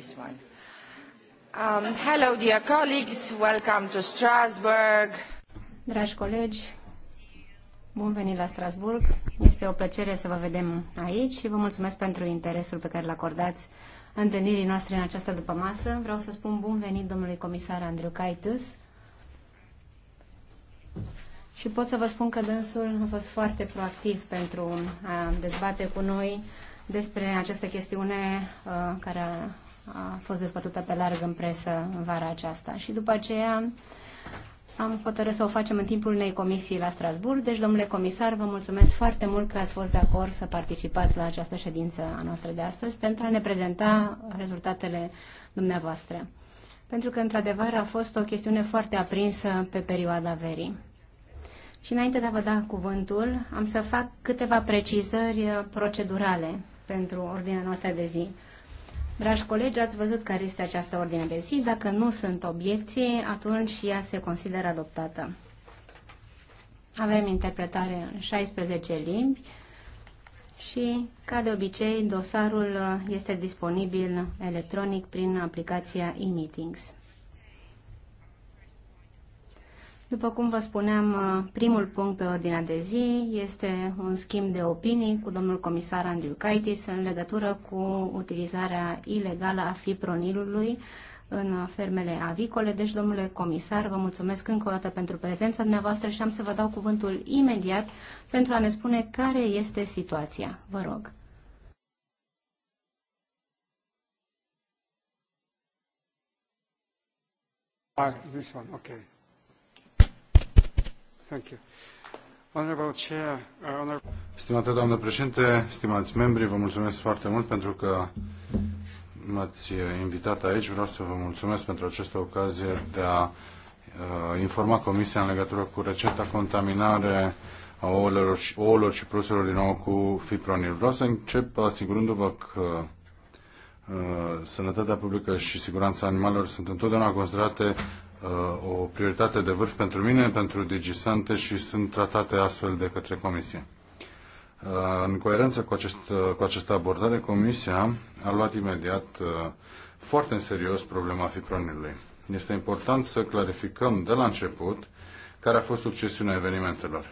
this one. Um, hello, dear colleagues. Welcome to Strasbourg. Dragi colegi, bun venit la Strasburg. Este o plăcere să vă vedem aici și vă mulțumesc pentru interesul pe care l acordați întâlnirii noastre în această dupămasă. Vreau să spun bun venit domnului comisar Andrew Caitus. Și pot să vă spun că dânsul a fost foarte proactiv pentru a dezbate cu noi despre această chestiune uh, care a a fost dezbătută pe larg în presă în vara aceasta. Și după aceea am hotărât să o facem în timpul unei comisii la Strasburg. Deci, domnule comisar, vă mulțumesc foarte mult că ați fost de acord să participați la această ședință a noastră de astăzi pentru a ne prezenta rezultatele dumneavoastră. Pentru că, într-adevăr, a fost o chestiune foarte aprinsă pe perioada verii. Și înainte de a vă da cuvântul, am să fac câteva precizări procedurale pentru ordinea noastră de zi. Dragi colegi, ați văzut care este această ordine de zi. Dacă nu sunt obiecții, atunci ea se consideră adoptată. Avem interpretare în 16 limbi și, ca de obicei, dosarul este disponibil electronic prin aplicația e-meetings. După cum vă spuneam, uh, primul punct pe ordinea de zi este un schimb de opinii cu domnul comisar Andriukaitis în legătură cu utilizarea ilegală a fipronilului în fermele avicole. Deci, domnule comisar, vă mulțumesc încă o dată pentru prezența dumneavoastră și am să vă dau cuvântul imediat pentru a ne spune care este situația. Vă rog. Ah, this one, okay. Thank you. Uh, Stimată doamnă președinte, stimați membri, vă mulțumesc foarte mult pentru că m-ați invitat aici. Vreau să vă mulțumesc pentru această ocazie de a uh, informa Comisia în legătură cu recenta contaminare a ouălor și, ouălor și produselor din nou cu fipronil. Vreau să încep asigurându-vă că uh, sănătatea publică și siguranța animalelor sunt întotdeauna considerate Uh, o prioritate de vârf pentru mine, pentru Digisante și sunt tratate astfel de către Comisie. Uh, în coerență cu, acest, uh, cu această abordare, Comisia a luat imediat foarte în serios problema fipronilului. Este important să clarificăm de la început care a fost succesiunea evenimentelor.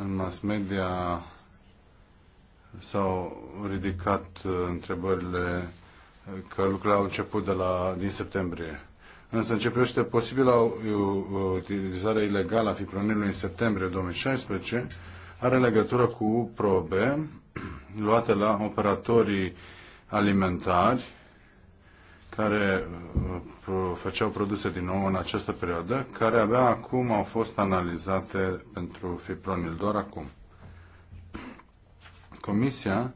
În mass media s-au ridicat întrebările că lucrurile au început de la, din septembrie. Însă începește posibilă uh, utilizare ilegală a fipronilului în septembrie 2016, are legătură cu probe luate la operatorii alimentari care uh, făceau produse din nou în această perioadă, care abia acum au fost analizate pentru fipronil, doar acum. Comisia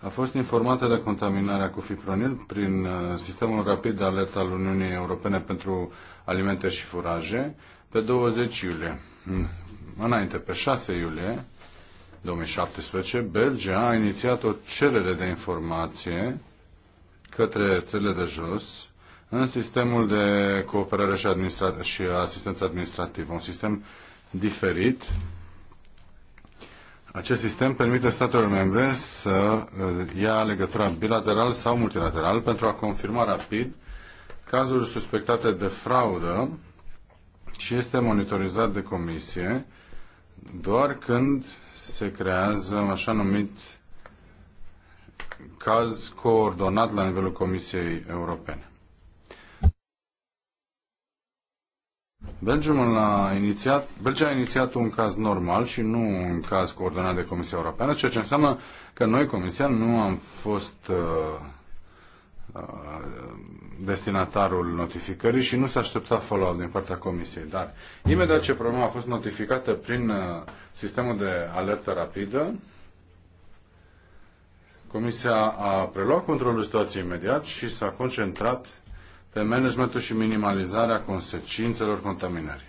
a fost informată de contaminarea cu fipronil prin uh, sistemul rapid de alertă al Uniunii Europene pentru alimente și furaje pe 20 iulie. Hmm. Înainte, pe 6 iulie 2017, Belgia a inițiat o cerere de informație către țările de jos în sistemul de cooperare și, administrat- și asistență administrativă, un sistem diferit acest sistem permite statelor membre să uh, ia legătura bilateral sau multilateral pentru a confirma rapid cazuri suspectate de fraudă și este monitorizat de comisie doar când se creează așa numit caz coordonat la nivelul Comisiei Europene. Belgium a inițiat, Belgia a inițiat un caz normal și nu un caz coordonat de Comisia Europeană, ceea ce înseamnă că noi, Comisia, nu am fost uh, uh, destinatarul notificării și nu s-a așteptat follow-up din partea Comisiei. Dar imediat ce problema a fost notificată prin uh, sistemul de alertă rapidă, Comisia a preluat controlul situației imediat și s-a concentrat pe managementul și minimalizarea consecințelor contaminării.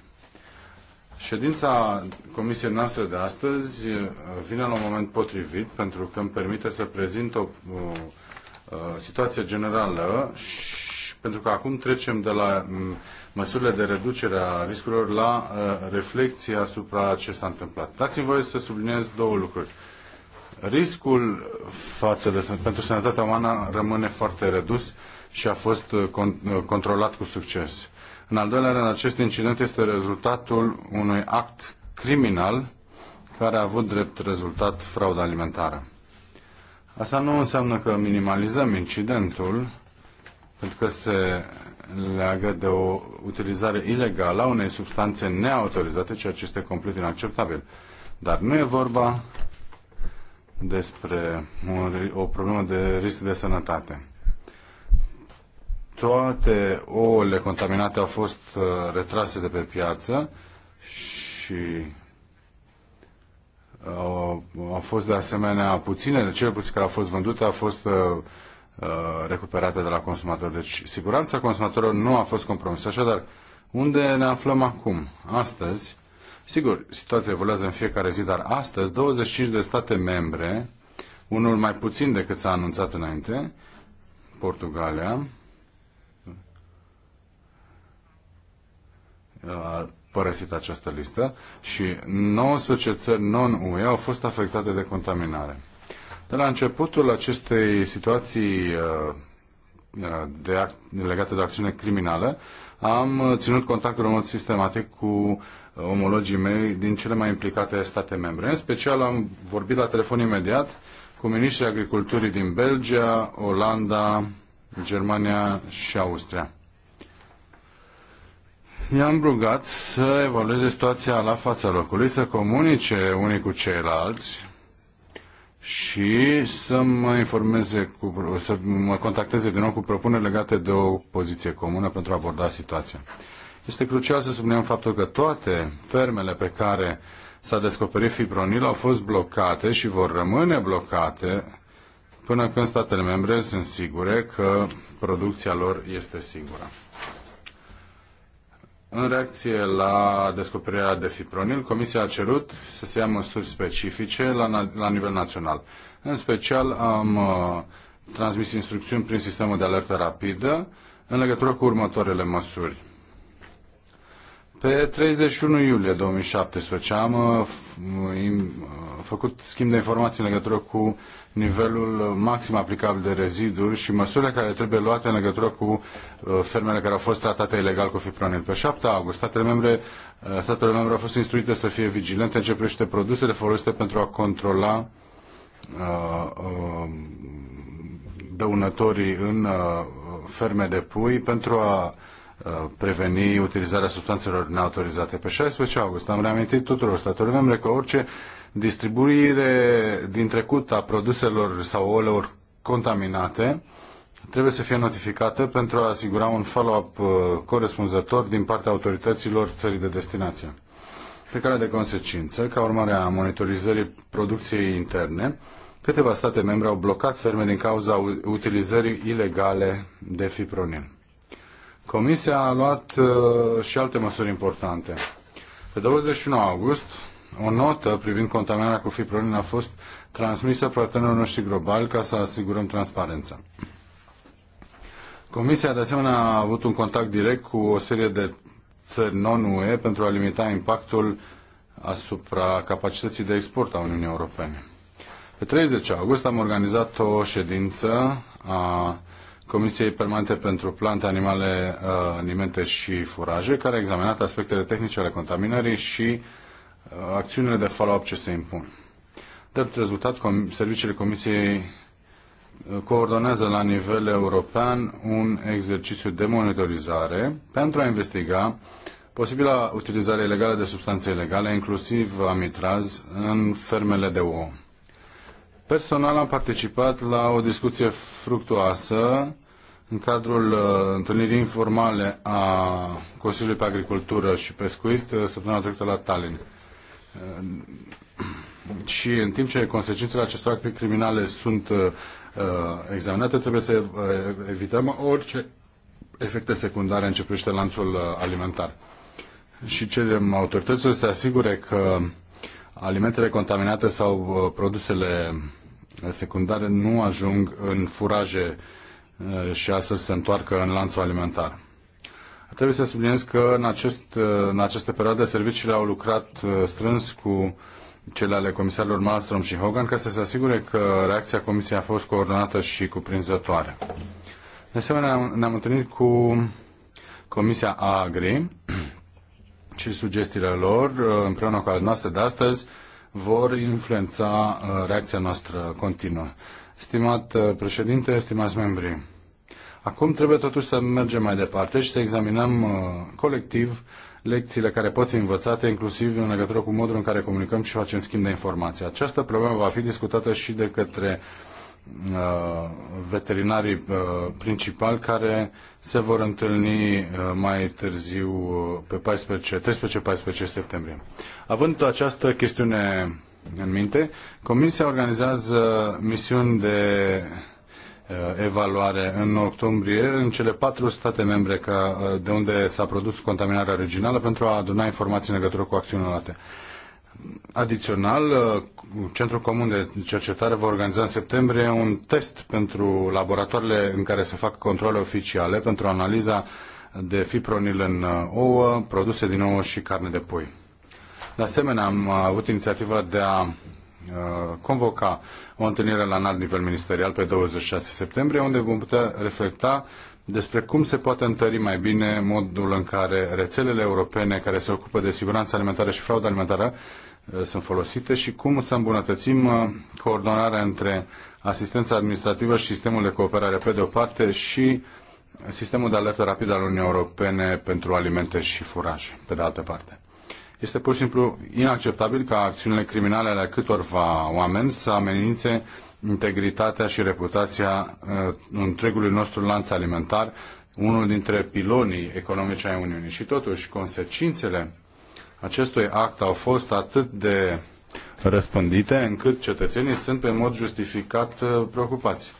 Ședința comisiei noastre de astăzi uh, vine la un moment potrivit pentru că îmi permite să prezint o, o uh, uh, situație generală și pentru că acum trecem de la mm, măsurile de reducere a riscurilor la reflecție asupra ce s-a întâmplat. Dați-mi voie să subliniez două lucruri. Riscul față de, pentru sănătatea umană rămâne foarte redus și a fost uh, uh, controlat cu succes. În al doilea rând, acest incident este rezultatul unui act criminal care a avut drept rezultat frauda alimentară. Asta nu înseamnă că minimalizăm incidentul, pentru că se leagă de o utilizare ilegală a unei substanțe neautorizate, ceea ce este complet inacceptabil. Dar nu e vorba despre o problemă de risc de sănătate toate ouăle contaminate au fost uh, retrase de pe piață și au, uh, au fost de asemenea puține, cele puține care au fost vândute au fost uh, uh, recuperate de la consumator. Deci siguranța consumatorilor nu a fost compromisă. Așadar, unde ne aflăm acum? Astăzi, sigur, situația evoluează în fiecare zi, dar astăzi 25 de state membre, unul mai puțin decât s-a anunțat înainte, Portugalia, a părăsit această listă și 19 țări non-UE au fost afectate de contaminare. De la începutul acestei situații uh, uh, de legate de acțiune criminală, am ținut contactul în mod sistematic cu omologii mei din cele mai implicate state membre. În special am vorbit la telefon imediat cu ministrii agriculturii din Belgia, Olanda, Germania și Austria i-am rugat să evalueze situația la fața locului, să comunice unii cu ceilalți și să mă informeze, cu, să mă contacteze din nou cu propuneri legate de o poziție comună pentru a aborda situația. Este crucial să subliniem faptul că toate fermele pe care s-a descoperit fibronil au fost blocate și vor rămâne blocate până când statele membre sunt sigure că producția lor este sigură. În reacție la descoperirea de fipronil, Comisia a cerut să se ia măsuri specifice la, la nivel național. În special am uh, transmis instrucțiuni prin sistemul de alertă rapidă în legătură cu următoarele măsuri pe 31 iulie 2017 am uh, uh, făcut schimb de informații în legătură cu nivelul maxim aplicabil de reziduri și măsurile care trebuie luate în legătură cu uh, fermele care au fost tratate ilegal cu fipronil. Pe 7 august, statele membre, statele membre au fost instruite să fie vigilente în ce privește produsele folosite pentru a controla uh, uh, dăunătorii în uh, ferme de pui pentru a Uh, preveni utilizarea substanțelor neautorizate. Pe 16 august am reamintit tuturor statelor membre că orice distribuire din trecut a produselor sau oleuri contaminate trebuie să fie notificată pentru a asigura un follow-up uh, corespunzător din partea autorităților țării de destinație. Pe care de consecință, ca urmare a monitorizării producției interne, câteva state membre au blocat ferme din cauza utilizării ilegale de fipronil. Comisia a luat uh, și alte măsuri importante. Pe 21 august, o notă privind contaminarea cu fipronil a fost transmisă partenerilor noștri globali ca să asigurăm transparența. Comisia, de asemenea, a avut un contact direct cu o serie de țări non-UE pentru a limita impactul asupra capacității de export a Uniunii Europene. Pe 30 august am organizat o ședință a Comisiei Permanente pentru Plante, Animale, uh, Alimente și Furaje, care a examinat aspectele tehnice ale contaminării și uh, acțiunile de follow-up ce se impun. Drept rezultat, serviciile Comisiei uh, coordonează la nivel european un exercițiu de monitorizare pentru a investiga posibila utilizare ilegală de substanțe ilegale, inclusiv amitraz, în fermele de ouă. Personal am participat la o discuție fructuoasă în cadrul uh, întâlnirii informale a Consiliului pe Agricultură și Pescuit uh, săptămâna trecută la Tallinn. Uh, și în timp ce consecințele acestor acte criminale sunt examinate, trebuie să evităm orice efecte secundare în ce privește lanțul alimentar. Și cerem autorităților să se asigure că alimentele contaminate sau produsele secundare nu ajung în furaje Eh, și astfel să se întoarcă în lanțul alimentar. Trebuie să subliniez că în, acest, eh, în această perioadă serviciile au lucrat eh, strâns cu cele ale comisarilor Malmström și Hogan ca să se asigure că reacția Comisiei a fost coordonată și cuprinzătoare. De asemenea, ne-am întâlnit cu Comisia Agri și sugestiile lor, împreună cu al noastre de astăzi, vor influența reacția noastră continuă. Stimat uh, președinte, stimați membri, acum trebuie totuși să mergem mai departe și să examinăm uh, colectiv lecțiile care pot fi învățate, inclusiv în legătură cu modul în care comunicăm și facem schimb de informații. Această problemă va fi discutată și de către uh, veterinarii principali care se vor întâlni mai târziu pe 13-14 septembrie. Având această chestiune în minte. Comisia organizează misiuni de uh, evaluare în octombrie în cele patru state membre ca, uh, de unde s-a produs contaminarea regională pentru a aduna informații în legătură cu acțiunile luate. Adițional, uh, Centrul Comun de Cercetare va organiza în septembrie un test pentru laboratoarele în care se fac controle oficiale pentru analiza de fipronil în ouă, produse din ouă și carne de pui. De asemenea, am avut inițiativa de a uh, convoca o întâlnire la înalt nivel ministerial pe 26 septembrie, unde vom putea reflecta despre cum se poate întări mai bine modul în care rețelele europene care se ocupă de siguranță alimentară și fraudă alimentară uh, sunt folosite și cum să îmbunătățim uh, coordonarea între asistența administrativă și sistemul de cooperare pe de o parte și sistemul de alertă rapidă al Uniunii Europene pentru alimente și furaje pe de altă parte. Este pur și simplu inacceptabil ca acțiunile criminale ale câtorva oameni să amenințe integritatea și reputația uh, întregului nostru lanț alimentar, unul dintre pilonii economici ai Uniunii. Și totuși, consecințele acestui act au fost atât de răspândite încât cetățenii sunt pe mod justificat uh, preocupați.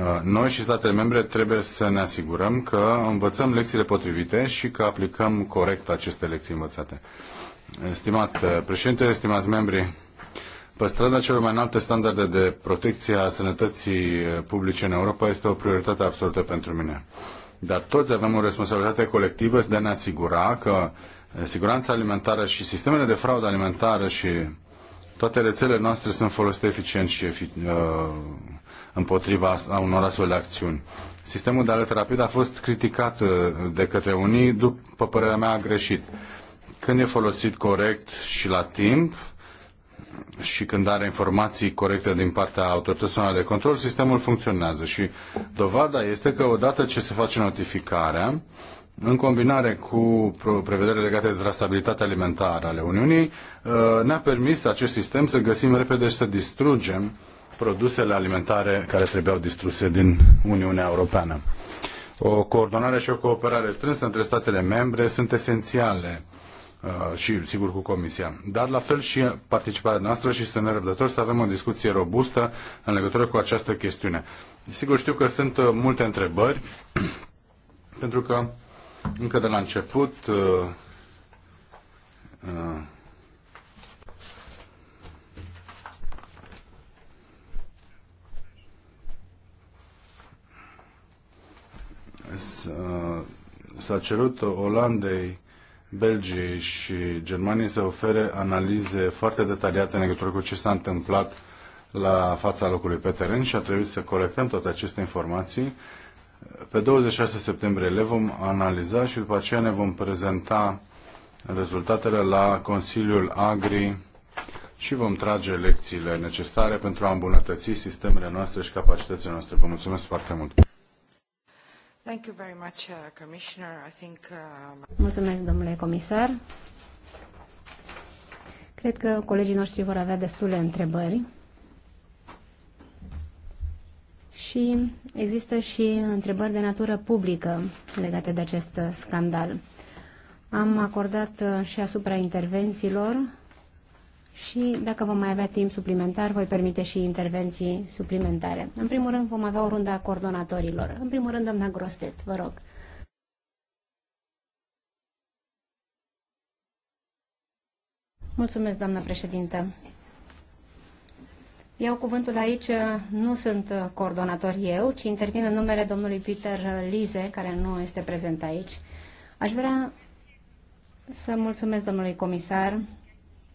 Uh, noi și statele membre trebuie să ne asigurăm că învățăm lecțiile potrivite și că aplicăm corect aceste lecții învățate. Stimat uh, președinte, stimați membri, păstrarea celor mai înalte standarde de protecție a sănătății uh, publice în Europa este o prioritate absolută pentru mine. Dar toți avem o responsabilitate colectivă de a ne asigura că siguranța alimentară și sistemele de fraudă alimentară și toate rețelele noastre sunt folosite eficient și împotriva unor astfel de acțiuni. Sistemul de alertă rapid a fost criticat uh, de către unii, după părerea mea, greșit. Când e folosit corect și la timp, și când are informații corecte din partea autorităților de control, sistemul funcționează. Și dovada este că odată ce se face notificarea, în combinare cu prevederile legate de trasabilitatea alimentară ale Uniunii, uh, ne-a permis acest sistem să găsim repede și să distrugem produsele alimentare care trebuiau distruse din Uniunea Europeană. O coordonare și o cooperare strânsă între statele membre sunt esențiale uh, și, sigur, cu Comisia. Dar, la fel și participarea noastră și sunt nerăbdători să avem o discuție robustă în legătură cu această chestiune. Sigur, știu că sunt uh, multe întrebări, pentru că încă de la început uh, s-a cerut Olandei, Belgiei și Germaniei să ofere analize foarte detaliate în legătură cu ce s-a întâmplat la fața locului pe teren și a trebuit să colectăm toate aceste informații. Pe 26 septembrie le vom analiza și după aceea ne vom prezenta rezultatele la Consiliul Agri și vom trage lecțiile necesare pentru a îmbunătăți sistemele noastre și capacitățile noastre. Vă mulțumesc foarte mult! Uh, um, Mulțumesc, domnule comisar. Cred că colegii noștri vor avea destule întrebări. Și există și întrebări de natură publică legate de acest scandal. Am acordat uh, și asupra intervențiilor și dacă vom mai avea timp suplimentar, voi permite și intervenții suplimentare. În primul rând vom avea o rundă a coordonatorilor. În primul rând, doamna Grostet, vă rog. Mulțumesc, doamna președintă. Iau cuvântul aici, nu sunt coordonator eu, ci intervin în numele domnului Peter Lize, care nu este prezent aici. Aș vrea să mulțumesc domnului comisar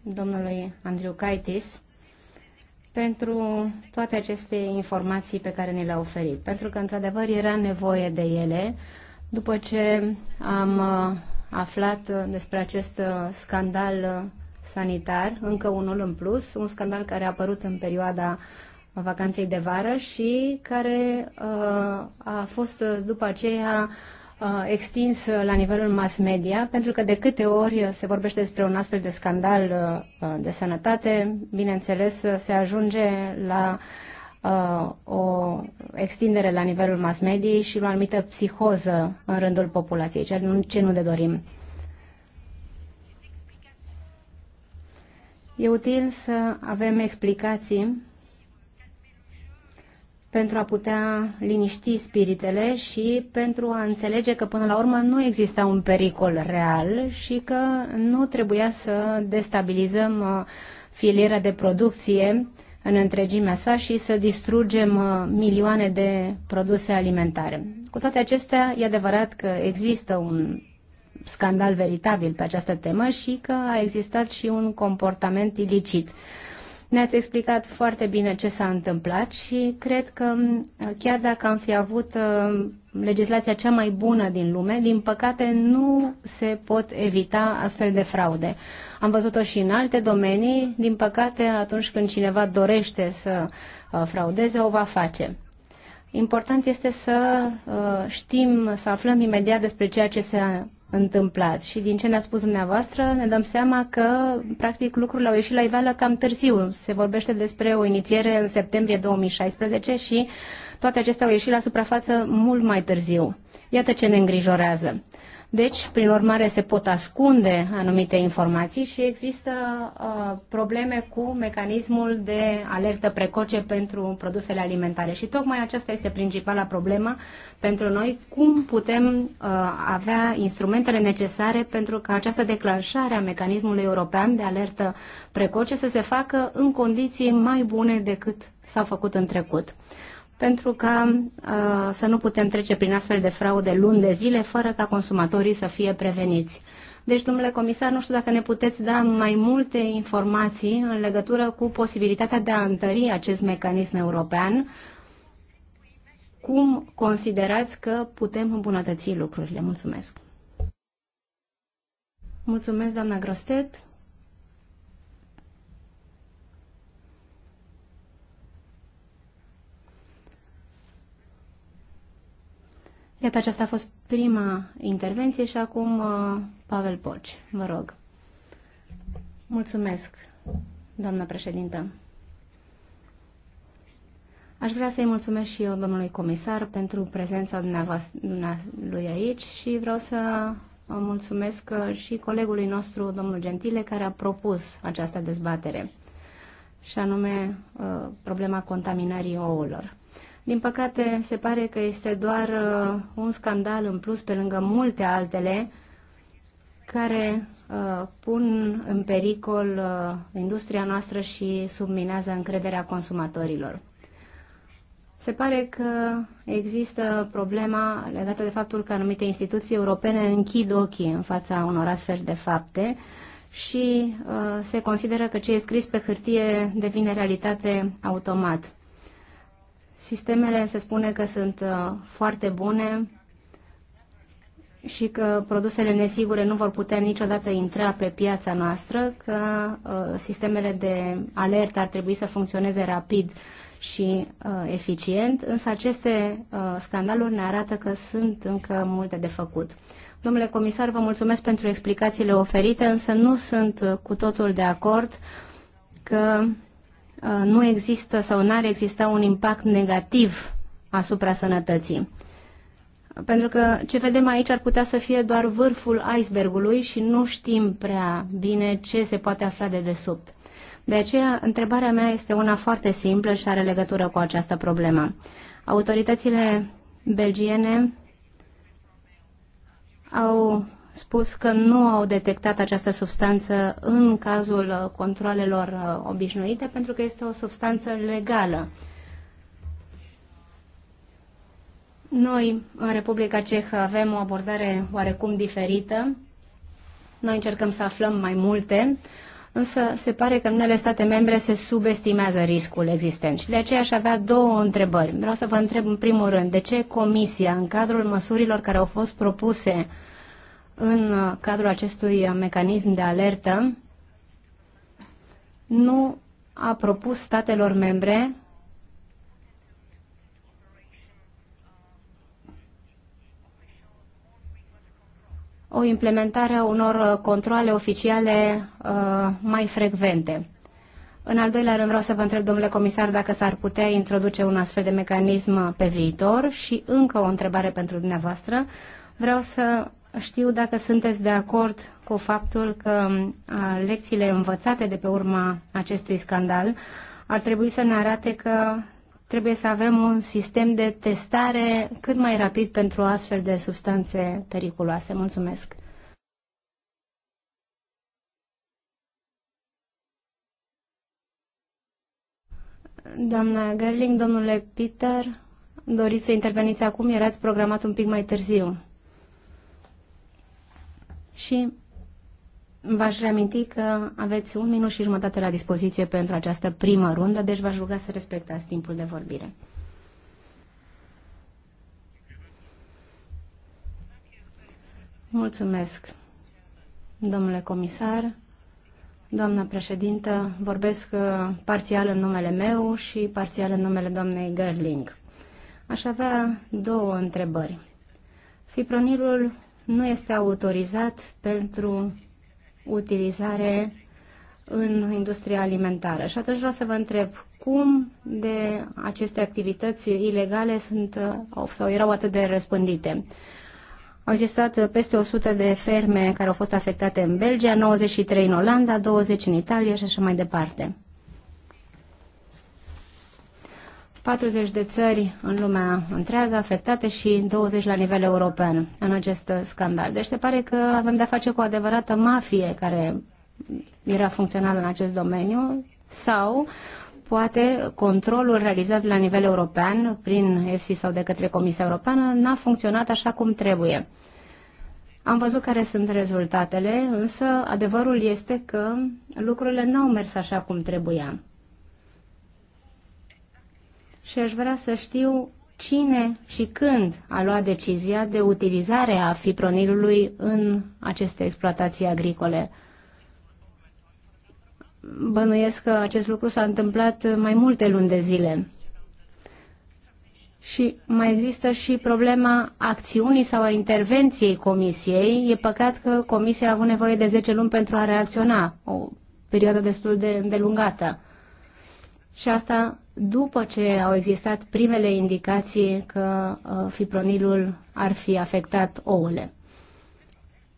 domnului Andriu Caitis pentru toate aceste informații pe care ni le-a oferit, pentru că, într-adevăr, era nevoie de ele după ce am uh, aflat despre acest uh, scandal uh, sanitar, încă unul în plus, un scandal care a apărut în perioada vacanței de vară și care a fost după aceea Uh, extins uh, la nivelul mass media, pentru că de câte ori se vorbește despre un astfel de scandal uh, de sănătate, bineînțeles, se ajunge la o extindere la nivelul mass media și la o anumită psihoză în rândul populației, ceea ce nu ne dorim. E util să avem explicații pentru a putea liniști spiritele și pentru a înțelege că până la urmă nu exista un pericol real și că nu trebuia să destabilizăm uh, filiera de producție în întregimea sa și să distrugem uh, milioane de produse alimentare. Cu toate acestea, e adevărat că există un scandal veritabil pe această temă și că a existat și un comportament ilicit. Ne-ați explicat foarte bine ce s-a întâmplat și cred că chiar dacă am fi avut uh, legislația cea mai bună din lume, din păcate nu se pot evita astfel de fraude. Am văzut-o și în alte domenii, din păcate atunci când cineva dorește să uh, fraudeze, o va face. Important este să uh, știm, să aflăm imediat despre ceea ce se întâmplat. Și din ce ne-a spus dumneavoastră, ne dăm seama că, practic, lucrurile au ieșit la iveală cam târziu. Se vorbește despre o inițiere în septembrie 2016 și toate acestea au ieșit la suprafață mult mai târziu. Iată ce ne îngrijorează. Deci, prin urmare, se pot ascunde anumite informații și există uh, probleme cu mecanismul de alertă precoce pentru produsele alimentare. Și tocmai aceasta este principala problemă pentru noi, cum putem uh, avea instrumentele necesare pentru ca această declanșare a mecanismului european de alertă precoce să se facă în condiții mai bune decât s-au făcut în trecut pentru ca uh, să nu putem trece prin astfel de fraude luni de zile fără ca consumatorii să fie preveniți. Deci, domnule comisar, nu știu dacă ne puteți da mai multe informații în legătură cu posibilitatea de a întări acest mecanism european. Cum considerați că putem îmbunătăți lucrurile? Mulțumesc! Mulțumesc, doamna Grostet! Iată, aceasta a fost prima intervenție și acum uh, Pavel Poci, vă rog. Mulțumesc, doamna președintă. Aș vrea să-i mulțumesc și eu, domnului comisar, pentru prezența lui aici și vreau să mulțumesc uh, și colegului nostru, domnul Gentile, care a propus această dezbatere, și anume uh, problema contaminării ouălor. Din păcate, se pare că este doar uh, un scandal în plus pe lângă multe altele care uh, pun în pericol uh, industria noastră și subminează încrederea consumatorilor. Se pare că există problema legată de faptul că anumite instituții europene închid ochii în fața unor astfel de fapte și uh, se consideră că ce e scris pe hârtie devine realitate automat. Sistemele se spune că sunt uh, foarte bune și că produsele nesigure nu vor putea niciodată intra pe piața noastră, că uh, sistemele de alertă ar trebui să funcționeze rapid și uh, eficient, însă aceste uh, scandaluri ne arată că sunt încă multe de făcut. Domnule comisar, vă mulțumesc pentru explicațiile oferite, însă nu sunt uh, cu totul de acord că Uh, nu există sau nu ar exista un impact negativ asupra sănătății. Pentru că ce vedem aici ar putea să fie doar vârful icebergului și nu știm prea bine ce se poate afla de desubt. De aceea, întrebarea mea este una foarte simplă și are legătură cu această problemă. Autoritățile belgiene au spus că nu au detectat această substanță în cazul uh, controlelor uh, obișnuite pentru că este o substanță legală. Noi, în Republica Cehă, avem o abordare oarecum diferită. Noi încercăm să aflăm mai multe, însă se pare că în unele state membre se subestimează riscul existent. Și de aceea aș avea două întrebări. Vreau să vă întreb în primul rând, de ce Comisia, în cadrul măsurilor care au fost propuse în cadrul acestui mecanism de alertă nu a propus statelor membre o implementare a unor controle oficiale uh, mai frecvente. În al doilea rând vreau să vă întreb, domnule comisar, dacă s-ar putea introduce un astfel de mecanism pe viitor și încă o întrebare pentru dumneavoastră. Vreau să știu dacă sunteți de acord cu faptul că um, lecțiile învățate de pe urma acestui scandal ar trebui să ne arate că trebuie să avem un sistem de testare cât mai rapid pentru astfel de substanțe periculoase. Mulțumesc! Doamna Gerling, domnule Peter, doriți să interveniți acum? Erați programat un pic mai târziu și v-aș reaminti că aveți un minut și jumătate la dispoziție pentru această primă rundă, deci v-aș ruga să respectați timpul de vorbire. Mulțumesc, domnule comisar. Doamna președintă, vorbesc uh, parțial în numele meu și parțial în numele doamnei Gerling. Aș avea două întrebări. Fipronilul nu este autorizat pentru utilizare în industria alimentară. Și atunci vreau să vă întreb cum de aceste activități ilegale sunt sau erau atât de răspândite. Au existat peste 100 de ferme care au fost afectate în Belgia, 93 în Olanda, 20 în Italia și așa mai departe. 40 de țări în lumea întreagă afectate și 20 la nivel european în acest scandal. Deci se pare că avem de-a face cu o adevărată mafie care era funcțională în acest domeniu sau poate controlul realizat la nivel european prin EFSI sau de către Comisia Europeană n-a funcționat așa cum trebuie. Am văzut care sunt rezultatele, însă adevărul este că lucrurile n-au mers așa cum trebuia și aș vrea să știu cine și când a luat decizia de utilizare a fipronilului în aceste exploatații agricole. Bănuiesc că acest lucru s-a întâmplat mai multe luni de zile. Și mai există și problema acțiunii sau a intervenției comisiei. E păcat că comisia a avut nevoie de 10 luni pentru a reacționa, o perioadă destul de îndelungată. Și asta după ce au existat primele indicații că uh, fipronilul ar fi afectat ouăle.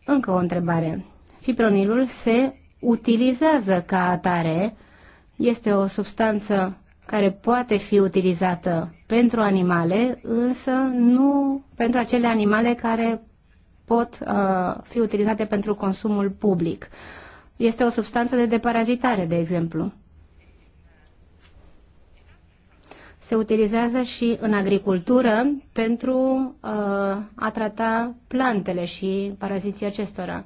Încă o întrebare. Fipronilul se utilizează ca atare, este o substanță care poate fi utilizată pentru animale, însă nu pentru acele animale care pot uh, fi utilizate pentru consumul public. Este o substanță de deparazitare, de exemplu. se utilizează și în agricultură pentru uh, a trata plantele și paraziții acestora.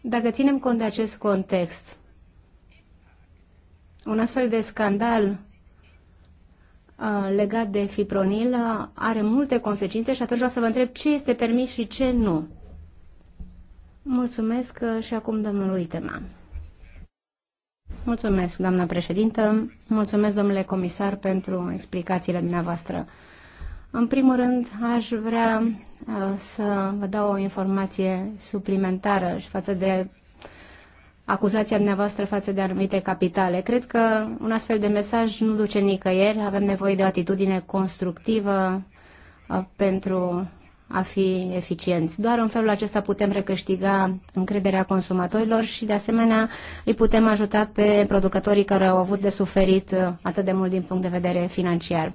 Dacă ținem cont de acest context, un astfel de scandal uh, legat de fipronil uh, are multe consecințe și atunci vreau să vă întreb ce este permis și ce nu. Mulțumesc uh, și acum domnului Teman. Mulțumesc, doamna președintă. Mulțumesc, domnule comisar, pentru explicațiile dumneavoastră. În primul rând, aș vrea uh, să vă dau o informație suplimentară și față de acuzația dumneavoastră față de anumite capitale. Cred că un astfel de mesaj nu duce nicăieri. Avem nevoie de o atitudine constructivă uh, pentru a fi eficienți. Doar în felul acesta putem recâștiga încrederea consumatorilor și, de asemenea, îi putem ajuta pe producătorii care au avut de suferit uh, atât de mult din punct de vedere financiar.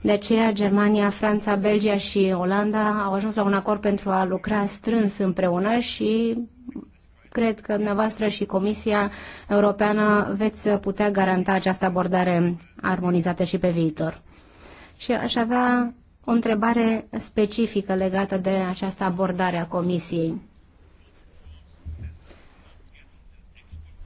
De aceea, Germania, Franța, Belgia și Olanda au ajuns la un acord pentru a lucra strâns împreună și cred că dumneavoastră și Comisia Europeană veți putea garanta această abordare armonizată și pe viitor. Și aș avea o întrebare specifică legată de această abordare a Comisiei.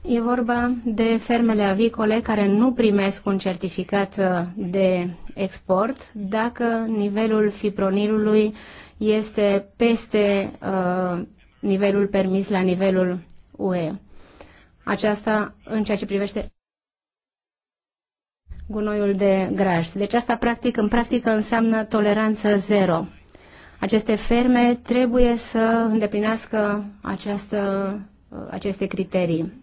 E vorba de fermele avicole care nu primesc un certificat uh, de export dacă nivelul fipronilului este peste uh, nivelul permis la nivelul UE. Aceasta în ceea ce privește gunoiul de graj. Deci asta practic, în practică înseamnă toleranță zero. Aceste ferme trebuie să îndeplinească această, aceste criterii.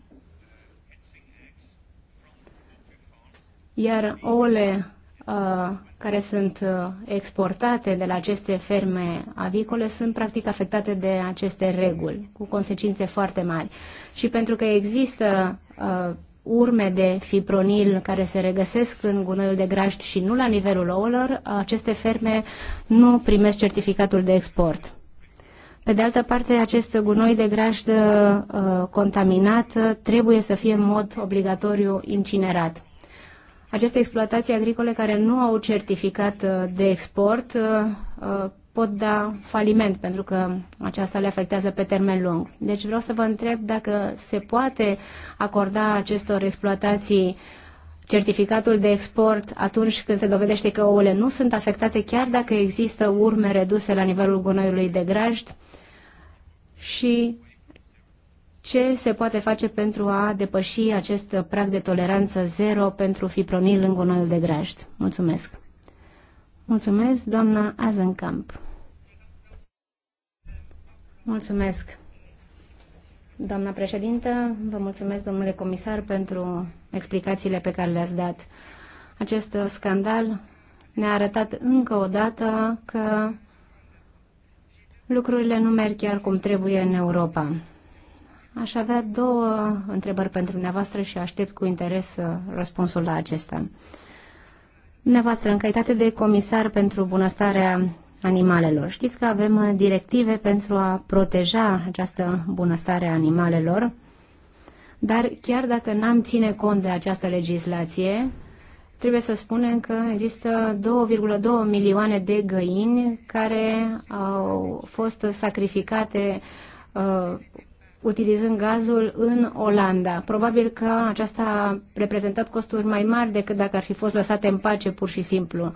Iar ouăle uh, care sunt uh, exportate de la aceste ferme avicole sunt practic afectate de aceste reguli, cu consecințe foarte mari. Și pentru că există uh, urme de fipronil care se regăsesc în gunoiul de graști și nu la nivelul ouălor, aceste ferme nu primesc certificatul de export. Pe de altă parte, acest gunoi de grajdă uh, contaminat uh, trebuie să fie în mod obligatoriu incinerat. Aceste exploatații agricole care nu au certificat uh, de export uh, uh pot da faliment pentru că aceasta le afectează pe termen lung. Deci vreau să vă întreb dacă se poate acorda acestor exploatații certificatul de export atunci când se dovedește că ouăle nu sunt afectate, chiar dacă există urme reduse la nivelul gunoiului de grajd și ce se poate face pentru a depăși acest prag de toleranță zero pentru fipronil în gunoiul de grajd. Mulțumesc! Mulțumesc, doamna Azencamp. Mulțumesc. Doamna președintă, vă mulțumesc, domnule comisar, pentru explicațiile pe care le-ați dat. Acest scandal ne-a arătat încă o dată că lucrurile nu merg chiar cum trebuie în Europa. Aș avea două întrebări pentru dumneavoastră și aștept cu interes răspunsul la acesta. Dumneavoastră, în calitate de comisar pentru bunăstarea animalelor, știți că avem directive pentru a proteja această bunăstare a animalelor, dar chiar dacă n-am ține cont de această legislație, trebuie să spunem că există 2,2 milioane de găini care au fost sacrificate uh, utilizând gazul în Olanda. Probabil că aceasta a reprezentat costuri mai mari decât dacă ar fi fost lăsate în pace pur și simplu.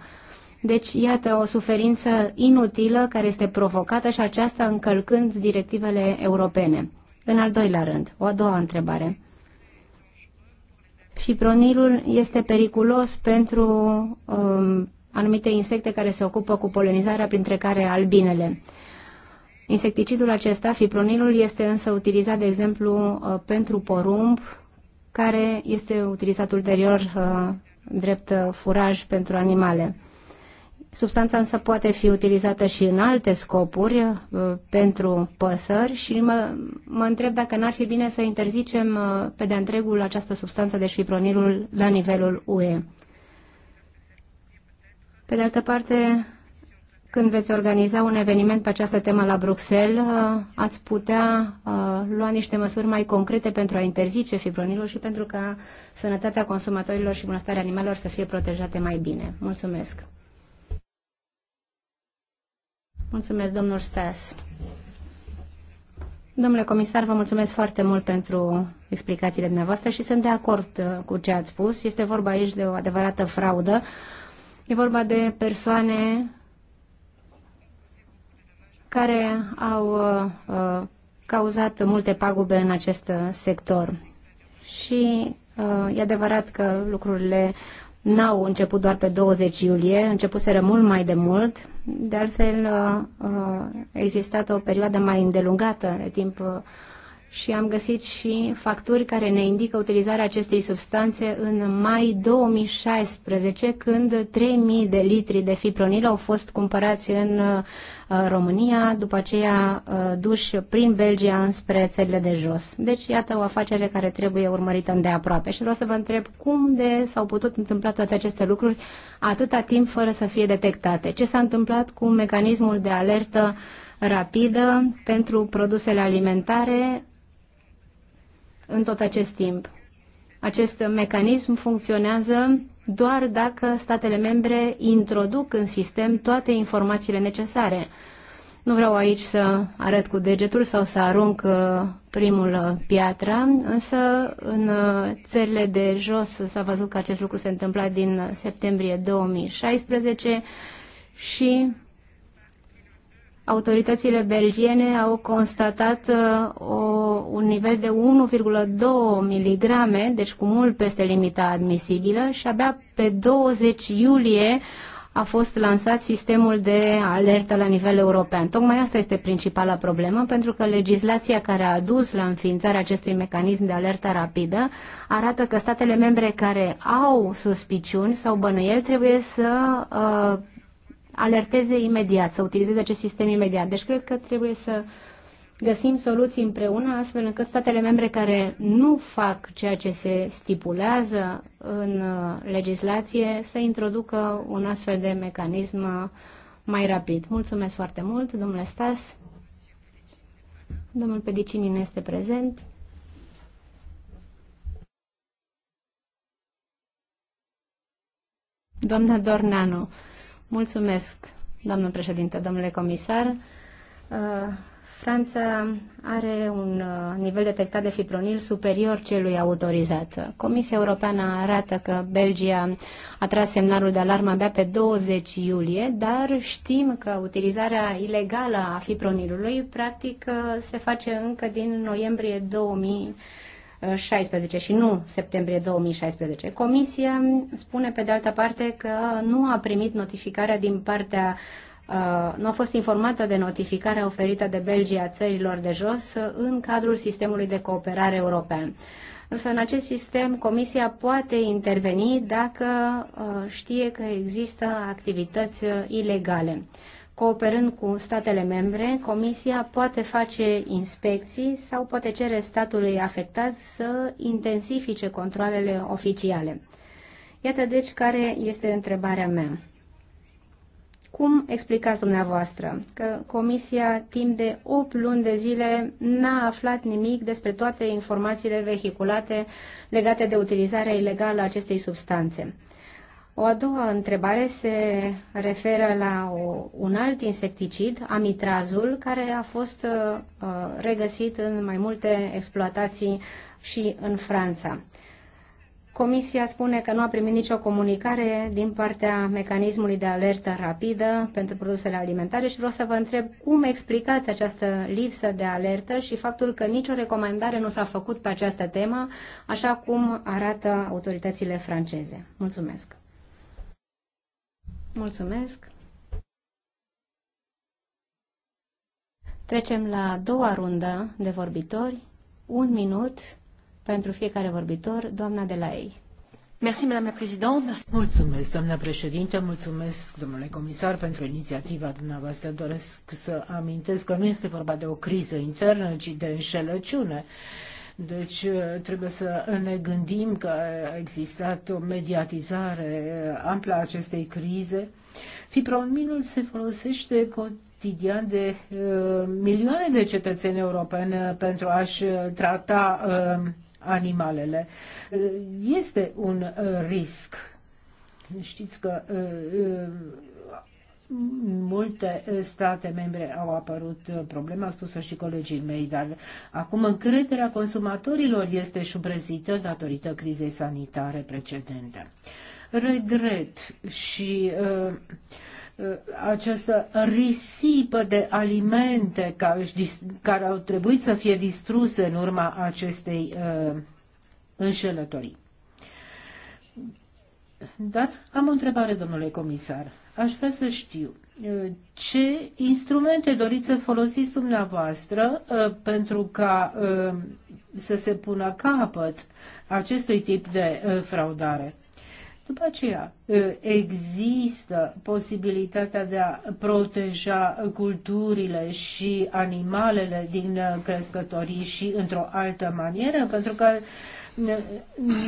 Deci, iată, o suferință inutilă care este provocată și aceasta încălcând directivele europene. În al doilea rând, o a doua întrebare. Fipronilul este periculos pentru um, anumite insecte care se ocupă cu polenizarea, printre care albinele. Insecticidul acesta, fipronilul, este însă utilizat, de exemplu, uh, pentru porumb, care este utilizat ulterior uh, drept uh, furaj pentru animale. Substanța însă poate fi utilizată și în alte scopuri pentru păsări și mă, mă întreb dacă n-ar fi bine să interzicem pe de întregul această substanță, de fipronilul, la nivelul UE. Pe de altă parte, când veți organiza un eveniment pe această temă la Bruxelles, uh, ați putea uh, lua niște măsuri mai concrete pentru a interzice fibronilul și pentru ca sănătatea consumatorilor și bunăstarea animalelor să fie protejate mai bine. Mulțumesc! Mulțumesc, domnul Stas. Domnule comisar, vă mulțumesc foarte mult pentru explicațiile dumneavoastră și sunt de acord uh, cu ce ați spus. Este vorba aici de o adevărată fraudă. E vorba de persoane care au uh, uh, cauzat multe pagube în acest sector. Și uh, e adevărat că lucrurile n-au început doar pe 20 iulie, începuseră mult mai de mult. De altfel, uh, uh existat o perioadă mai îndelungată de timp uh, și am găsit și facturi care ne indică utilizarea acestei substanțe în mai 2016, când 3.000 de litri de fipronil au fost cumpărați în uh, România, după aceea uh, duși prin Belgia înspre țările de jos. Deci, iată o afacere care trebuie urmărită îndeaproape. Și vreau să vă întreb cum de s-au putut întâmpla toate aceste lucruri atâta timp fără să fie detectate. Ce s-a întâmplat cu mecanismul de alertă rapidă pentru produsele alimentare în tot acest timp. Acest mecanism funcționează doar dacă statele membre introduc în sistem toate informațiile necesare. Nu vreau aici să arăt cu degetul sau să arunc uh, primul uh, piatra, însă în uh, țările de jos s-a văzut că acest lucru se întâmpla din septembrie 2016 și autoritățile belgiene au constatat uh, o, un nivel de 1,2 miligrame, deci cu mult peste limita admisibilă și abia pe 20 iulie a fost lansat sistemul de alertă la nivel european. Tocmai asta este principala problemă, pentru că legislația care a adus la înființarea acestui mecanism de alertă rapidă arată că statele membre care au suspiciuni sau bănuieli trebuie să uh, alerteze imediat, să utilizeze acest sistem imediat. Deci cred că trebuie să găsim soluții împreună astfel încât statele membre care nu fac ceea ce se stipulează în uh, legislație să introducă un astfel de mecanism uh, mai rapid. Mulțumesc foarte mult, domnule Stas. Domnul Pedicini nu este prezent. Doamna Dornanu. Mulțumesc, doamnă președinte, domnule comisar. Uh, Franța are un uh, nivel detectat de fipronil superior celui autorizat. Comisia Europeană arată că Belgia a tras semnalul de alarmă abia pe 20 iulie, dar știm că utilizarea ilegală a fipronilului practic uh, se face încă din noiembrie 2000 2016 și nu septembrie 2016. Comisia spune pe de altă parte că nu a primit notificarea din partea uh, nu a fost informată de notificarea oferită de Belgia țărilor de jos în cadrul sistemului de cooperare european. Însă în acest sistem Comisia poate interveni dacă uh, știe că există activități uh, ilegale. Cooperând cu statele membre, Comisia poate face inspecții sau poate cere statului afectat să intensifice controlele oficiale. Iată deci care este întrebarea mea. Cum explicați dumneavoastră că Comisia timp de 8 luni de zile n-a aflat nimic despre toate informațiile vehiculate legate de utilizarea ilegală a acestei substanțe? O a doua întrebare se referă la o, un alt insecticid, amitrazul, care a fost uh, regăsit în mai multe exploatații și în Franța. Comisia spune că nu a primit nicio comunicare din partea mecanismului de alertă rapidă pentru produsele alimentare și vreau să vă întreb cum explicați această lipsă de alertă și faptul că nicio recomandare nu s-a făcut pe această temă, așa cum arată autoritățile franceze. Mulțumesc! Mulțumesc. Trecem la a doua rundă de vorbitori. Un minut pentru fiecare vorbitor, doamna de la ei. Mulțumesc, doamna președinte, mulțumesc, domnule comisar, pentru inițiativa dumneavoastră. Doresc să amintesc că nu este vorba de o criză internă, ci de înșelăciune. Deci uh, trebuie să ne gândim că a existat o mediatizare amplă a acestei crize. Fipronilul se folosește cotidian de uh, milioane de cetățeni europeni uh, pentru a-și uh, trata uh, animalele. Este un uh, risc. Știți că uh, uh, multe eh, state membre au apărut eh, probleme, a spus și colegii mei, dar acum încrederea consumatorilor este șubrezită datorită crizei sanitare precedente. Regret și uh, uh, această risipă de alimente care, care au trebuit să fie distruse în urma acestei uh, înșelătorii. Dar am o întrebare, domnule comisar Aș vrea să știu uh, ce instrumente doriți să folosiți dumneavoastră uh, pentru ca uh, să se pună capăt acestui tip de fraudare. După aceea, ă, există posibilitatea de a proteja culturile și animalele din ă, crescătorii și într-o altă manieră, pentru că ă,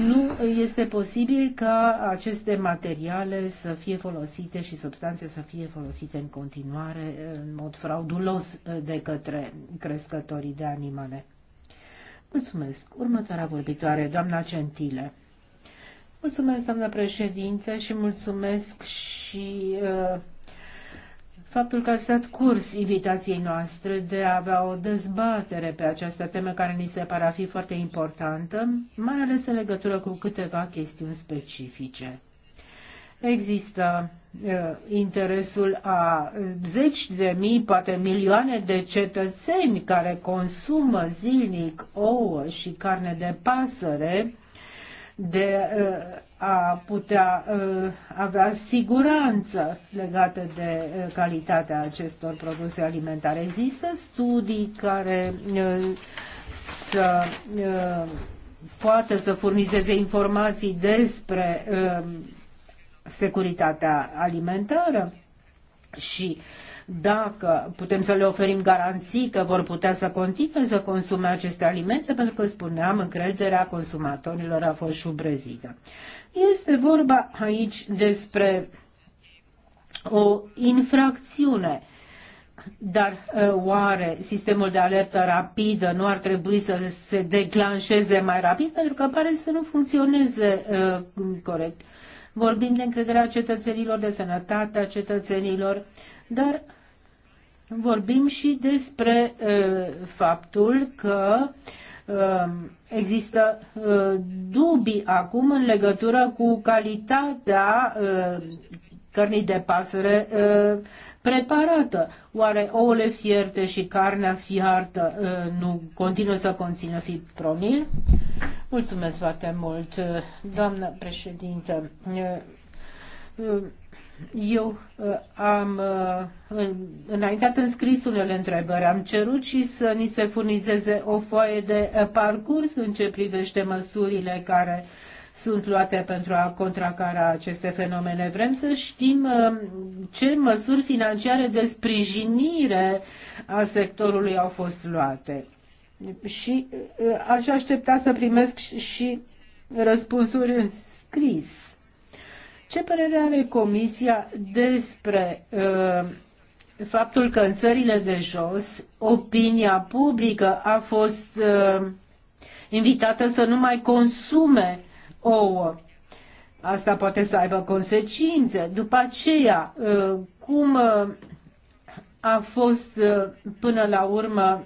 nu este posibil ca aceste materiale să fie folosite și substanțe să fie folosite în continuare în mod fraudulos de către crescătorii de animale. Mulțumesc. Următoarea vorbitoare, doamna Gentile. Mulțumesc, doamnă președinte, și mulțumesc și uh, faptul că ați dat curs invitației noastre de a avea o dezbatere pe această temă care ni se pare a fi foarte importantă, mai ales în legătură cu câteva chestiuni specifice. Există uh, interesul a zeci de mii, poate milioane de cetățeni care consumă zilnic ouă și carne de pasăre, de uh, a putea uh, avea siguranță legată de uh, calitatea acestor produse alimentare. Există studii care să poată să furnizeze informații despre securitatea alimentară și uh, dacă putem să le oferim garanții că vor putea să continue să consume aceste alimente, pentru că spuneam, încrederea consumatorilor a fost șubrezită. Este vorba aici despre o infracțiune. Dar uh, oare sistemul de alertă rapidă nu ar trebui să se declanșeze mai rapid? Pentru că pare să nu funcționeze uh, corect. Vorbim de încrederea cetățenilor, de sănătatea cetățenilor, dar vorbim și despre uh, faptul că uh, există uh, dubii acum în legătură cu calitatea uh, cărnii de pasăre uh, preparată. Oare ouăle fierte și carnea fiartă uh, nu continuă să conțină fipronil? Mulțumesc foarte mult, doamnă președintă. Uh, eu uh, am uh, înaintat în scris unele întrebări. Am cerut și să ni se furnizeze o foaie de parcurs în ce privește măsurile care sunt luate pentru a contracara aceste fenomene. Vrem să știm ce măsuri financiare de sprijinire a sectorului au fost luate. Și aș aștepta să primesc și răspunsuri în scris. Ce părere are Comisia despre uh, faptul că în țările de jos opinia publică a fost uh, invitată să nu mai consume ouă? Asta poate să aibă consecințe. După aceea, uh, cum uh, a fost uh, până la urmă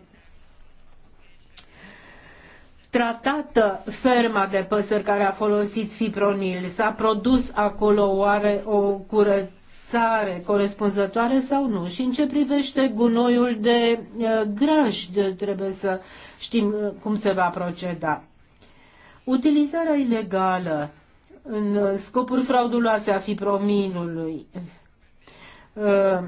tratată ferma de păsări care a folosit fipronil? S-a produs acolo oare o curățare corespunzătoare sau nu? Și în ce privește gunoiul de uh, grăș, trebuie să știm uh, cum se va proceda. Utilizarea ilegală în uh, scopuri frauduloase a fipronilului. Uh,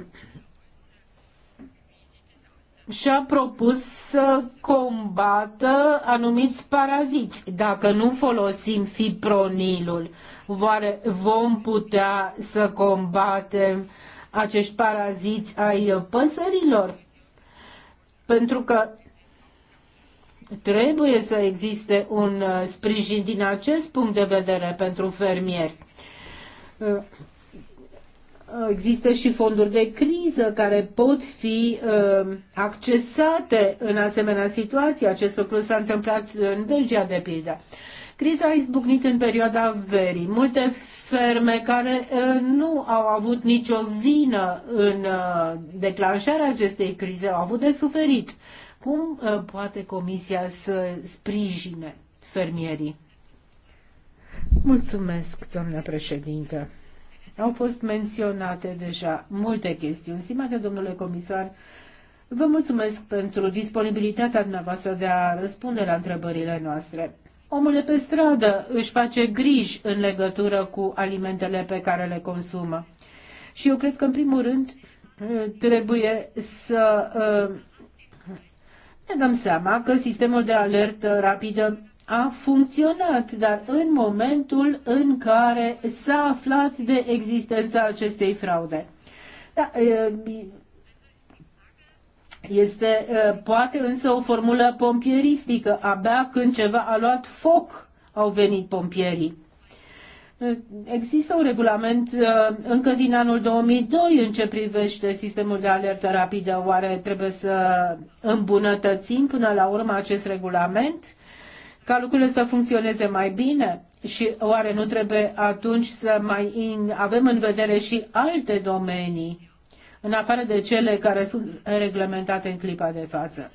și-a propus să combată anumiți paraziți. Dacă nu folosim fipronilul, oare vom putea să combatem acești paraziți ai păsărilor? Pentru că trebuie să existe un sprijin din acest punct de vedere pentru fermieri Uh, există și fonduri de criză care pot fi uh, accesate în asemenea situații. Acest lucru s-a întâmplat în Belgia, de pildă. Criza a izbucnit în perioada verii. Multe ferme care uh, nu au avut nicio vină în uh, declanșarea acestei crize au avut de suferit. Cum uh, poate Comisia să sprijine fermierii? Mulțumesc, domnule președinte. Au fost menționate deja multe chestiuni. Stimate domnule comisar, vă mulțumesc pentru disponibilitatea dumneavoastră de a răspunde la întrebările noastre. Omul de pe stradă își face griji în legătură cu alimentele pe care le consumă. Și eu cred că, în primul rând, trebuie să uh, ne dăm seama că sistemul de alertă rapidă a funcționat, dar în momentul în care s-a aflat de existența acestei fraude. Da, este poate însă o formulă pompieristică. Abia când ceva a luat foc au venit pompierii. Există un regulament încă din anul 2002 în ce privește sistemul de alertă rapidă. Oare trebuie să îmbunătățim până la urmă acest regulament? ca lucrurile să funcționeze mai bine? Și oare nu trebuie atunci să mai in, avem în vedere și alte domenii, în afară de cele care sunt reglementate în clipa de față?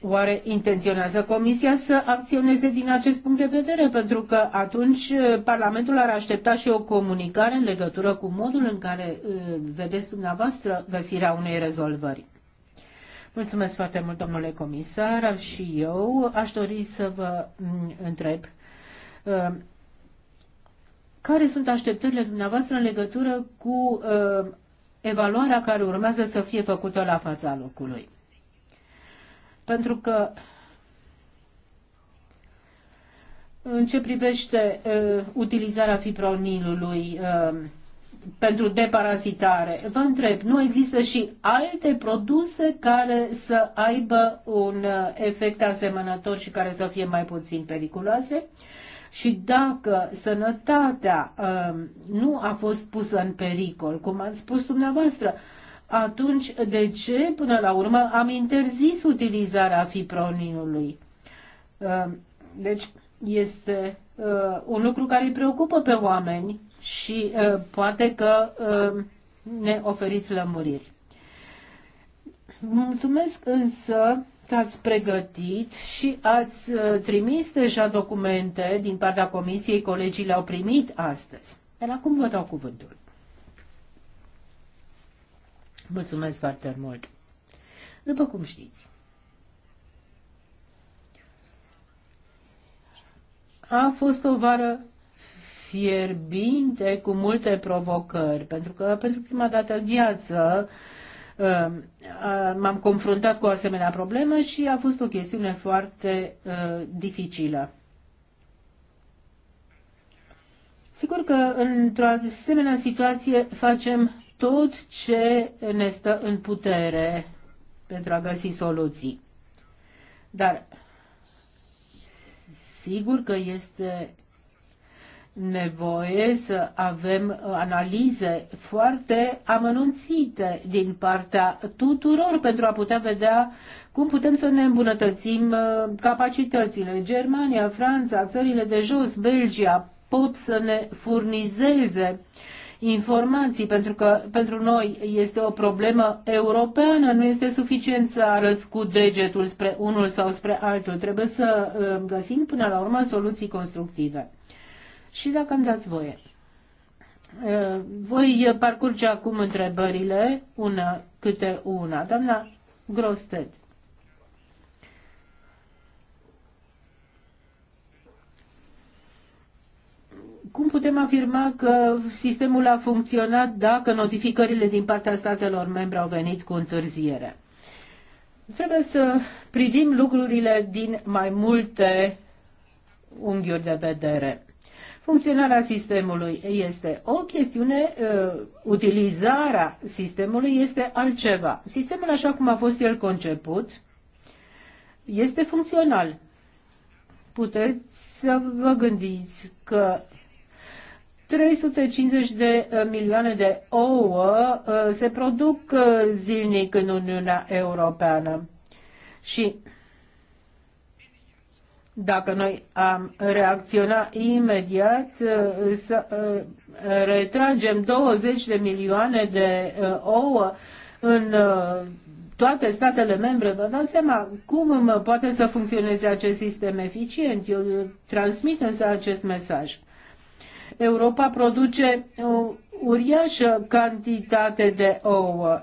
Oare intenționează Comisia să acționeze din acest punct de vedere? Pentru că atunci eh, Parlamentul ar aștepta și o comunicare în legătură cu modul în care eh, vedeți dumneavoastră găsirea unei rezolvări. Mulțumesc foarte mult, domnule comisar, și eu aș dori să vă mm, întreb uh, care sunt așteptările dumneavoastră în legătură cu uh, evaluarea care urmează să fie făcută la fața locului. Pentru că în ce privește uh, utilizarea fipronilului, uh, pentru deparazitare. Vă întreb, nu există și alte produse care să aibă un uh, efect asemănător și care să fie mai puțin periculoase? Și dacă sănătatea um, nu a fost pusă în pericol, cum ați spus dumneavoastră, atunci de ce până la urmă am interzis utilizarea fiproninului? Um, deci este uh, un lucru care îi preocupă pe oameni și uh, poate că uh, ne oferiți lămuriri. Mulțumesc însă că ați pregătit și ați uh, trimis deja documente din partea comisiei, colegii le-au primit astăzi. Dar acum vă dau cuvântul. Mulțumesc foarte mult. După cum știți, a fost o vară fierbinte cu multe provocări, pentru că pentru prima dată în viață um, m-am confruntat cu o asemenea problemă și a fost o chestiune foarte uh, dificilă. Sigur că într-o asemenea situație facem tot ce ne stă în putere pentru a găsi soluții. Dar sigur că este nevoie să avem uh, analize foarte amănunțite din partea tuturor pentru a putea vedea cum putem să ne îmbunătățim uh, capacitățile. Germania, Franța, țările de jos, Belgia pot să ne furnizeze informații, pentru că pentru noi este o problemă europeană, nu este suficient să arăți cu degetul spre unul sau spre altul. Trebuie să uh, găsim până la urmă soluții constructive. Și dacă îmi dați voie, voi parcurge acum întrebările una câte una. Doamna Grosted. Cum putem afirma că sistemul a funcționat dacă notificările din partea statelor membre au venit cu întârziere? Trebuie să privim lucrurile din mai multe unghiuri de vedere Funcționarea sistemului este o chestiune, uh, utilizarea sistemului este altceva. Sistemul așa cum a fost el conceput este funcțional. Puteți să vă gândiți că 350 de uh, milioane de ouă uh, se produc zilnic în Uniunea Europeană. Și dacă noi am reacționat imediat, uh, să uh, retragem 20 de milioane de uh, ouă în toate statele membre, vă dați seama cum poate să funcționeze acest sistem eficient. Eu transmit însă acest mesaj. Europa produce o uh, uriașă cantitate de ouă.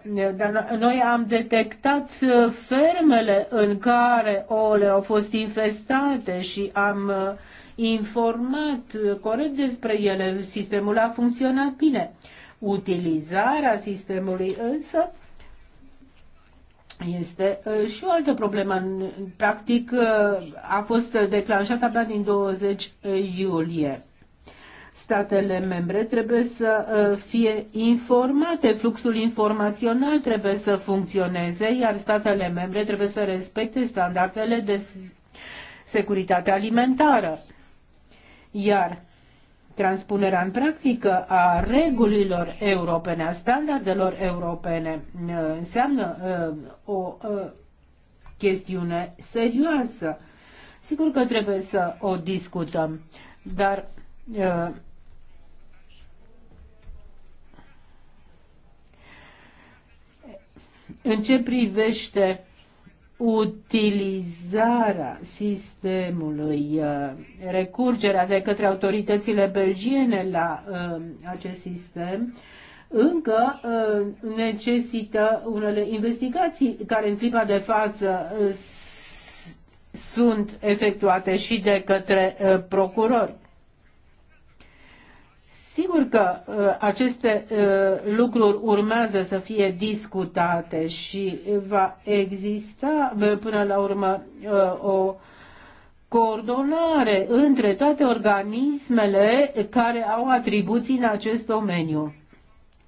noi am detectat uh, fermele în care ouăle au fost infestate și am uh, informat corect despre ele. Sistemul a funcționat bine. Utilizarea sistemului însă este și o altă problemă. Practic a fost declanșată abia din 20 iulie statele membre trebuie să uh, fie informate, fluxul informațional trebuie să funcționeze, iar statele membre trebuie să respecte standardele de securitate alimentară. Iar transpunerea în practică a regulilor europene, a standardelor europene, uh, înseamnă uh, o chestiune serioasă. Sigur că trebuie să o discutăm, dar În ce privește utilizarea sistemului, uh, recurgerea de către autoritățile belgiene la uh, acest sistem, încă uh, necesită unele investigații care în clipa de față sunt efectuate și de către procurori. Sigur că uh, aceste uh, lucruri urmează să fie discutate și va exista uh, până la urmă uh, o coordonare între toate organismele care au atribuții în acest domeniu.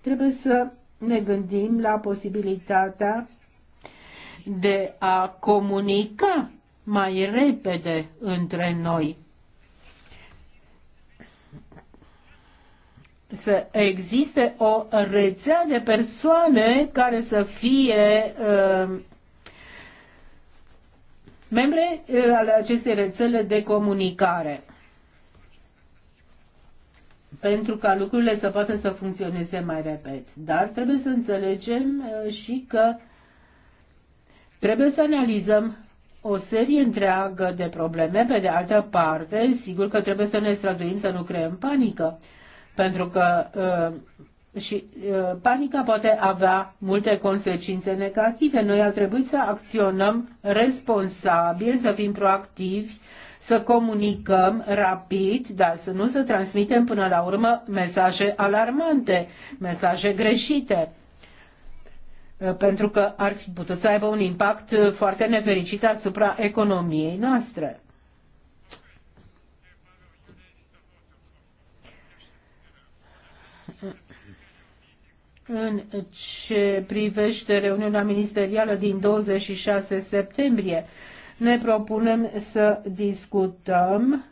Trebuie să ne gândim la posibilitatea de a comunica mai repede între noi să existe o rețea de persoane care să fie uh, membre uh, ale acestei rețele de comunicare pentru ca lucrurile să poată să funcționeze mai repede. Dar trebuie să înțelegem uh, și că trebuie să analizăm o serie întreagă de probleme. Pe de altă parte, sigur că trebuie să ne străduim să nu creăm panică. Pentru că uh, și uh, panica poate avea multe consecințe negative. Noi ar trebui să acționăm responsabil, să fim proactivi, să comunicăm rapid, dar să nu să transmitem până la urmă mesaje alarmante, mesaje greșite uh, pentru că ar fi putut să aibă un impact foarte nefericit asupra economiei noastre. În ce privește reuniunea ministerială din 26 septembrie, ne propunem să discutăm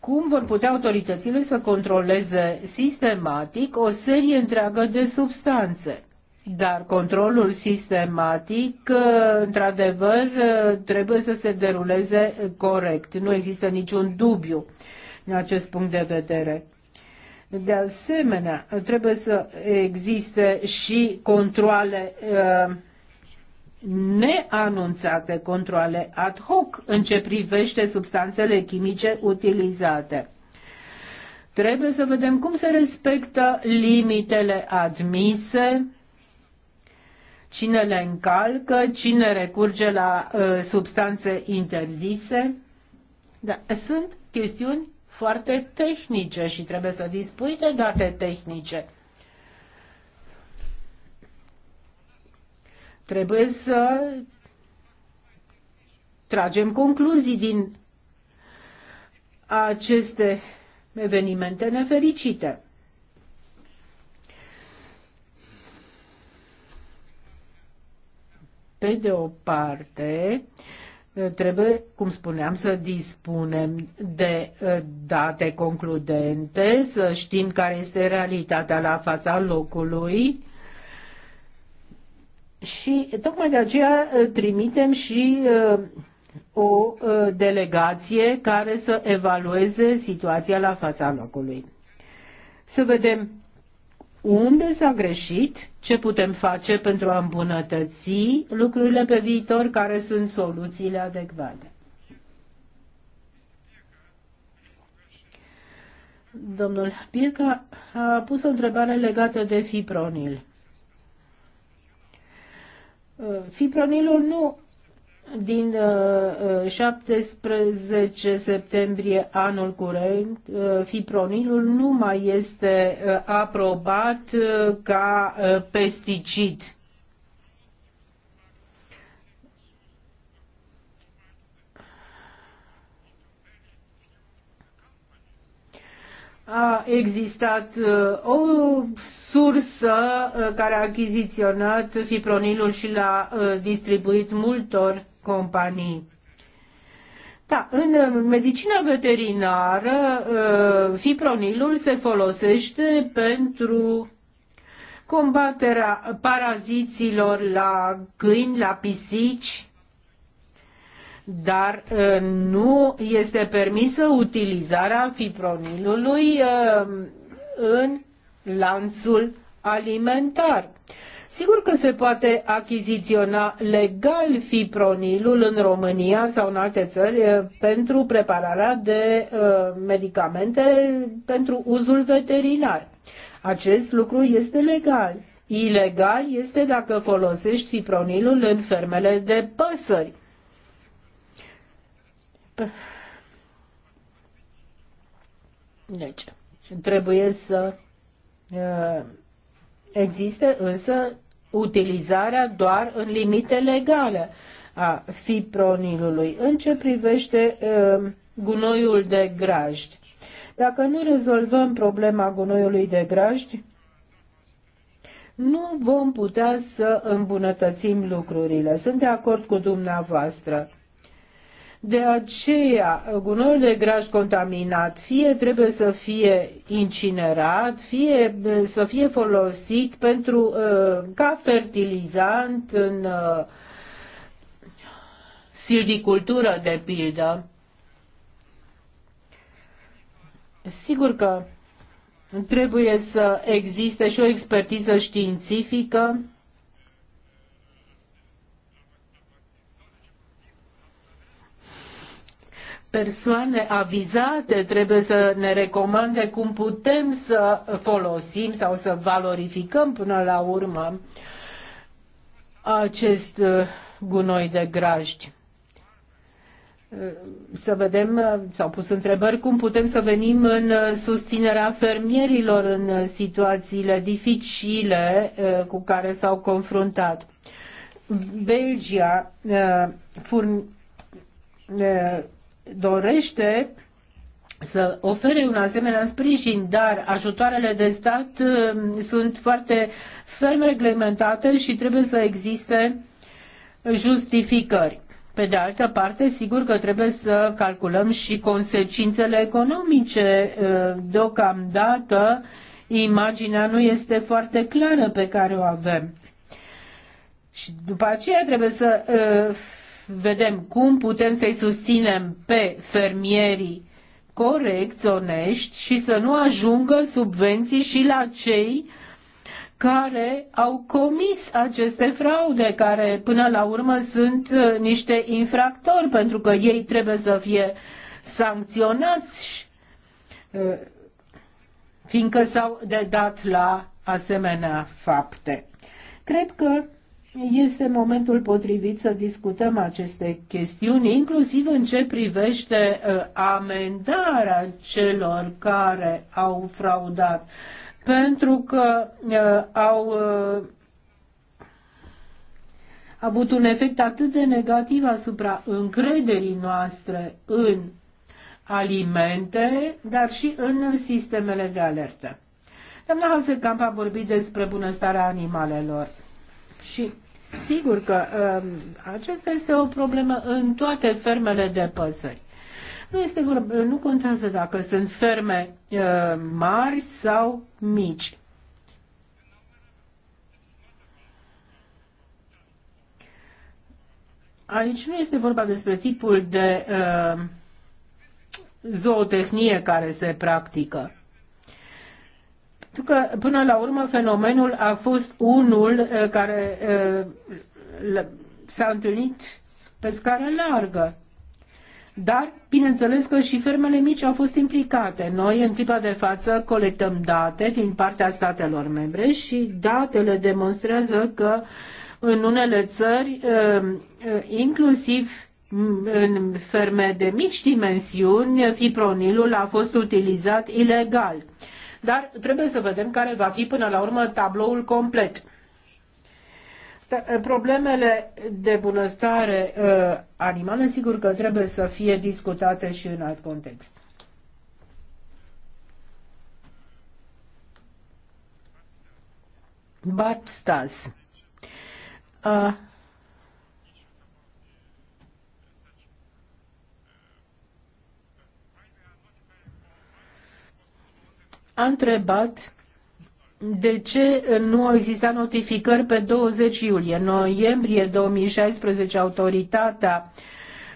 cum vor putea autoritățile să controleze sistematic o serie întreagă de substanțe. Dar controlul sistematic, într-adevăr, trebuie să se deruleze corect. Nu există niciun dubiu în acest punct de vedere. De asemenea, trebuie să existe și controle uh, neanunțate, controle ad hoc în ce privește substanțele chimice utilizate. Trebuie să vedem cum se respectă limitele admise, cine le încalcă, cine recurge la uh, substanțe interzise. Da, sunt chestiuni foarte tehnice și trebuie să dispui de date tehnice. Trebuie să tragem concluzii din aceste evenimente nefericite. Pe de o parte, uh, Trebuie, cum spuneam, să dispunem de eh, date concludente, să știm care este realitatea la fața locului și tocmai de aceea eh, trimitem și eh, o delegație care să evalueze situația la fața locului. Să vedem unde s-a greșit, ce putem face pentru a îmbunătăți lucrurile pe viitor, care sunt soluțiile adecvate. Domnul Pieca a pus o întrebare legată de fipronil. Fipronilul nu din 17 uh, uh, septembrie anul curent, uh, fipronilul nu mai este aprobat ca pesticid. a existat o sursă care a achiziționat fipronilul și l-a distribuit multor companii. Da, în medicina veterinară, uh, fipronilul se folosește pentru combaterea paraziților la câini, la pisici, dar uh, nu este permisă utilizarea fipronilului uh, în lanțul alimentar. Sigur că se poate achiziționa legal fipronilul în România sau în alte țări eh, pentru prepararea de eh, medicamente pentru uzul veterinar. Acest lucru este legal. Ilegal este dacă folosești fipronilul în fermele de păsări. Deci, trebuie să uh, existe însă utilizarea doar în limite legale a fipronilului. În ce privește uh, gunoiul de grajdi? Dacă nu rezolvăm problema gunoiului de grajdi, nu vom putea să îmbunătățim lucrurile. Sunt de acord cu dumneavoastră. De aceea, gunoiul de graj contaminat fie trebuie să fie incinerat, fie să fie folosit pentru, uh, ca fertilizant în uh, silvicultură, de pildă. Sigur că trebuie să existe și o expertiză științifică persoane avizate trebuie să ne recomande cum putem să folosim sau să valorificăm până la urmă acest uh, gunoi de grajdi. Uh, să vedem, uh, s-au pus întrebări cum putem să venim în susținerea fermierilor în situațiile dificile cu care s-au confruntat. Belgia furn dorește să ofere un asemenea sprijin, dar ajutoarele de stat uh, sunt foarte ferm reglementate și trebuie să existe justificări. Pe de altă parte, sigur că trebuie să calculăm și consecințele economice. Uh, deocamdată, imaginea nu este foarte clară pe care o avem. Și după aceea trebuie să uh, vedem cum putem să-i susținem pe fermierii corecți, onești și să nu ajungă subvenții și la cei care au comis aceste fraude, care până la urmă sunt uh, niște infractori, pentru că ei trebuie să fie sancționați, uh, fiindcă s-au dedat la asemenea fapte. Cred că este momentul potrivit să discutăm aceste chestiuni, inclusiv în ce privește uh, amendarea celor care au fraudat, pentru că uh, au uh, avut un efect atât de negativ asupra încrederii noastre în alimente, dar și în sistemele de alertă. Doamna Hasekamp a vorbit despre bunăstarea animalelor și Sigur că um, aceasta este o problemă în toate fermele de păsări. Nu, este vorba, nu contează dacă sunt ferme uh, mari sau mici. Aici nu este vorba despre tipul de uh, zootehnie care se practică că până la urmă fenomenul a fost unul uh, care uh, s-a întâlnit pe scară largă. Dar, bineînțeles că și fermele mici au fost implicate. Noi, în clipa de față, colectăm date din partea statelor membre și datele demonstrează că în unele țări, uh, inclusiv mm, în ferme de mici dimensiuni, fipronilul a fost utilizat ilegal dar trebuie să vedem care va fi până la urmă tabloul complet. Eh, problemele de bunăstare uh, animale, sigur că trebuie să fie discutate și în alt context. Bart Stas a întrebat de ce nu au existat notificări pe 20 iulie? În noiembrie 2016, autoritatea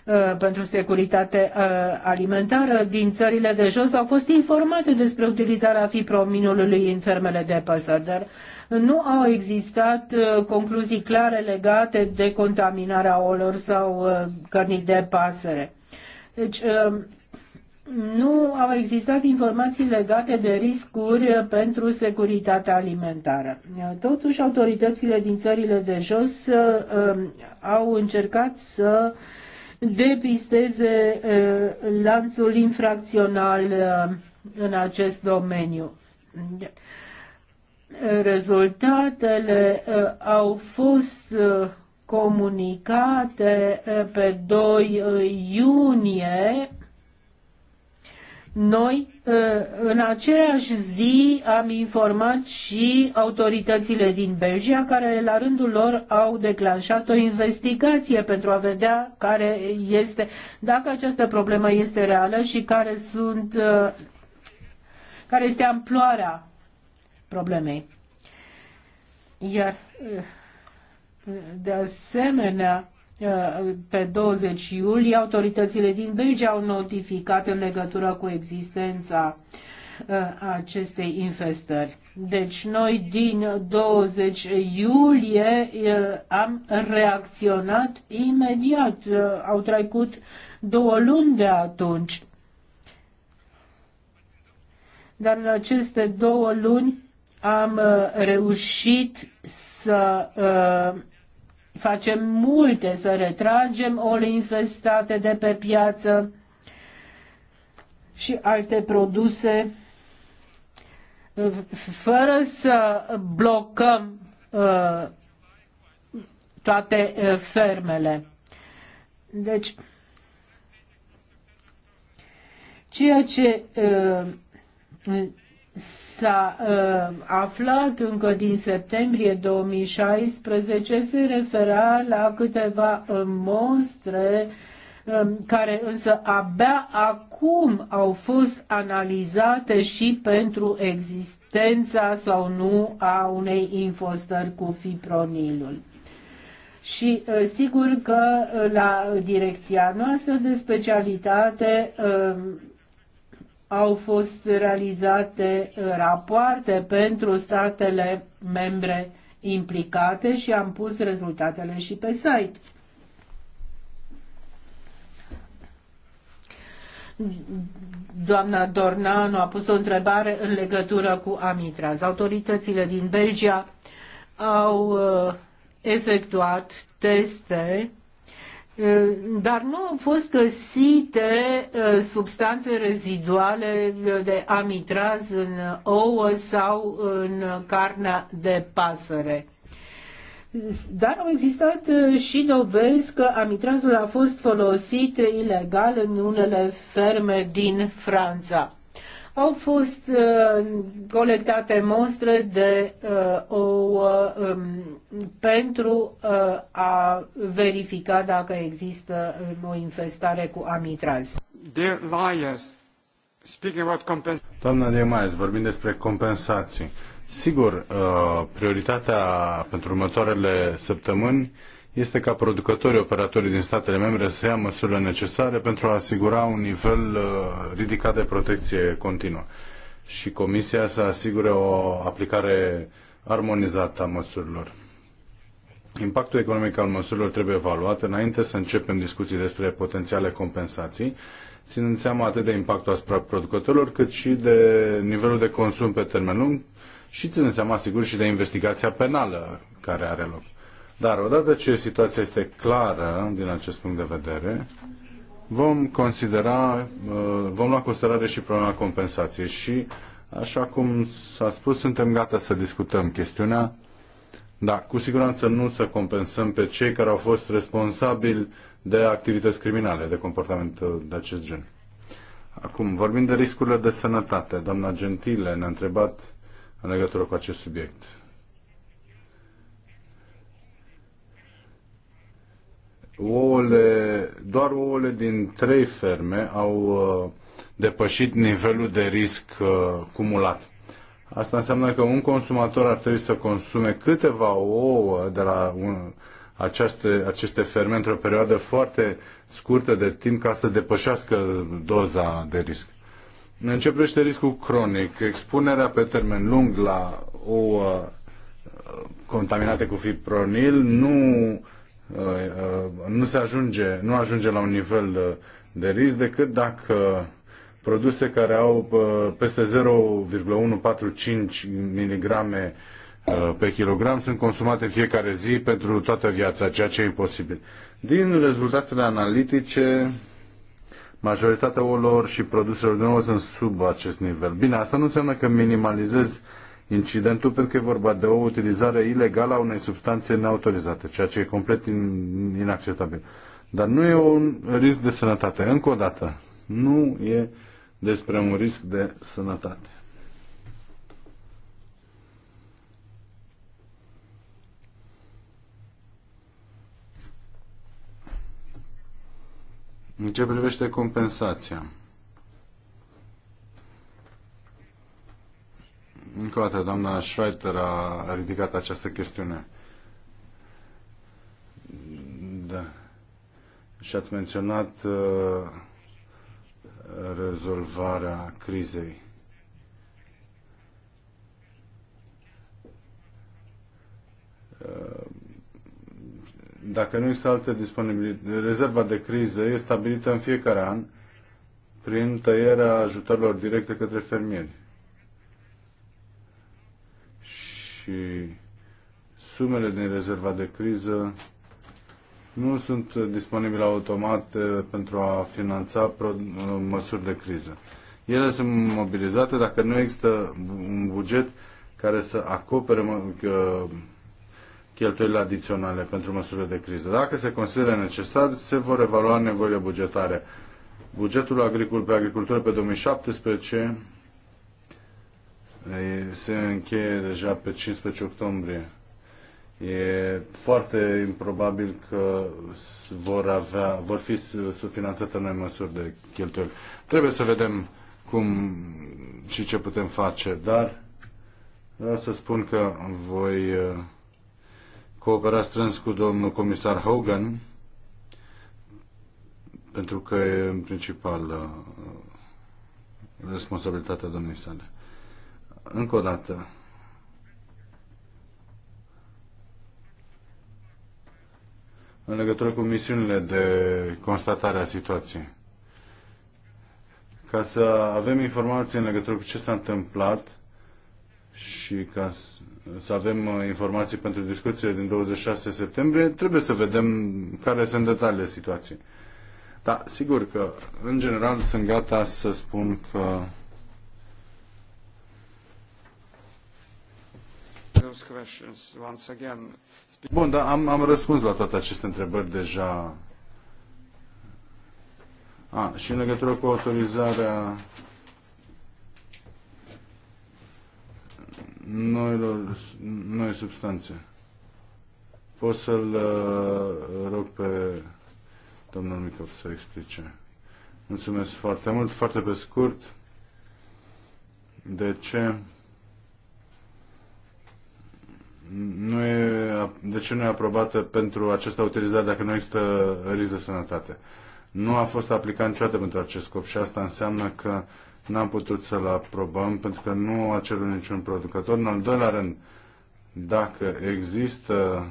uh, pentru securitate uh, alimentară din țările de jos au fost informate despre utilizarea fiprominului în fermele de păsări, dar nu au existat uh, concluzii clare legate de contaminarea olor sau cărnii de pasăre. Deci nu au existat informații legate de riscuri pentru securitatea alimentară. Totuși, autoritățile din țările de jos uh, au încercat să depisteze uh, lanțul infracțional uh, în acest domeniu. Rezultatele uh, au fost uh, comunicate uh, pe 2 iunie noi, ă, în aceeași zi, am informat și autoritățile din Belgia, care la rândul lor au declanșat o investigație pentru a vedea care este, dacă această problemă este reală și care sunt, ă, care este amploarea problemei. Iar, ă, de asemenea, Uh, pe 20 iulie, autoritățile din Belgia au notificat în legătură cu existența uh, acestei infestări. Deci noi din 20 iulie uh, am reacționat imediat. Au trecut două luni de atunci. Dar în aceste două luni am reușit să uh, facem multe să retragem ole infestate de pe piață și alte produse fără să blocăm uh, toate uh, fermele. Deci, ceea ce uh, s-a uh, aflat încă din septembrie 2016 se refera la câteva uh, monstre um, care însă abia acum au fost analizate și pentru existența sau nu a unei infostări cu fipronilul. Și uh, sigur că uh, la direcția noastră de specialitate um, au fost realizate uh, rapoarte pentru statele membre implicate și am pus rezultatele și pe site. Doamna Dornanu a pus o întrebare în legătură cu Amitraz. Autoritățile din Belgia au uh, efectuat teste Eh, dar nu au fost găsite eh, substanțe reziduale de amitraz în ouă sau în carnea de pasăre. Dar au existat eh, și dovezi că amitrazul a fost folosit ilegal în unele ferme din Franța. Au fost uh, colectate mostre de uh, o, uh, pentru uh, a verifica dacă există um, o infestare cu amitraz. Doamna de Maes, vorbim despre compensații. Sigur, uh, prioritatea pentru următoarele săptămâni uh, este ca producătorii, operatorii din statele membre să ia măsurile necesare pentru a asigura un nivel uh, ridicat de protecție continuă. Și Comisia să asigure o aplicare armonizată a măsurilor. Impactul economic al măsurilor trebuie evaluat înainte să începem discuții despre potențiale compensații, ținând seama atât de impactul asupra producătorilor, cât și de nivelul de consum pe termen lung și ținând seama, sigur, și de investigația penală care are loc. Dar odată ce situația este clară din acest punct de vedere, vom considera, uh, vom lua considerare și problema compensației și, așa cum s-a spus, suntem gata să discutăm chestiunea, dar cu siguranță nu să compensăm pe cei care au fost responsabili de activități criminale, de comportament de acest gen. Acum, vorbim de riscurile de sănătate, doamna Gentile ne-a întrebat în legătură cu acest subiect. ouăle, doar ouăle din trei ferme au uh, depășit nivelul de risc uh, cumulat. Asta înseamnă că un consumator ar trebui să consume câteva ouă de la un, aceste, aceste ferme într-o perioadă foarte scurtă de timp ca să depășească doza de risc. Începește riscul cronic, expunerea pe termen lung la ouă uh, contaminate cu fipronil nu Uh, uh, nu se ajunge, nu ajunge la un nivel uh, de risc decât dacă produse care au peste 0,145 mg pe kilogram sunt consumate în fiecare zi pentru toată viața, ceea ce e imposibil. Din rezultatele analitice, majoritatea ouălor și produselor de nouă sunt sub acest nivel. Bine, asta nu înseamnă că minimalizez uh, incidentul pentru că e vorba de o utilizare ilegală a unei substanțe neautorizate, ceea ce e complet inacceptabil. Dar nu e un risc de sănătate. Încă o dată, nu e despre un risc de sănătate. În ce privește compensația? Încă o dată, doamna Schreiter a ridicat această chestiune. Da. Și ați menționat uh, rezolvarea crizei. Uh, dacă nu există alte disponibilități, rezerva de criză este stabilită în fiecare an prin tăierea ajutorilor directe către fermieri. și sumele din rezerva de criză nu sunt disponibile automat uh, pentru a finanța uh, măsuri de criză. Ele sunt mobilizate dacă nu există un buget care să acopere uh, cheltuielile adiționale pentru măsurile de criză. Dacă se consideră necesar, se vor evalua nevoile bugetare. Bugetul agricol pe agricultură pe 2017 se încheie deja pe 15 octombrie. E foarte improbabil că vor, avea, vor fi subfinanțate noi măsuri de cheltuieli. Trebuie să vedem cum și ce putem face, dar vreau să spun că voi coopera strâns cu domnul comisar Hogan, pentru că e în principal responsabilitatea domnului sale. Încă o dată. În legătură cu misiunile de constatare a situației. Ca să avem informații în legătură cu ce s-a întâmplat și ca să avem uh, informații pentru discuțiile din 26 septembrie, trebuie să vedem care sunt detaliile situației. Da, sigur că, în general, sunt gata să spun că Bun, dar am, am răspuns la toate aceste întrebări deja. A, și în legătură cu autorizarea noilor, noi substanțe. Pot să-l uh, rog pe domnul Micov să explice. Mulțumesc foarte mult, foarte pe scurt. De ce? nu e, de ce nu e aprobată pentru această utilizare dacă nu există risc de sănătate? Nu a fost aplicat niciodată pentru acest scop și asta înseamnă că n-am putut să-l aprobăm pentru că nu a cerut niciun producător. În al doilea rând, dacă există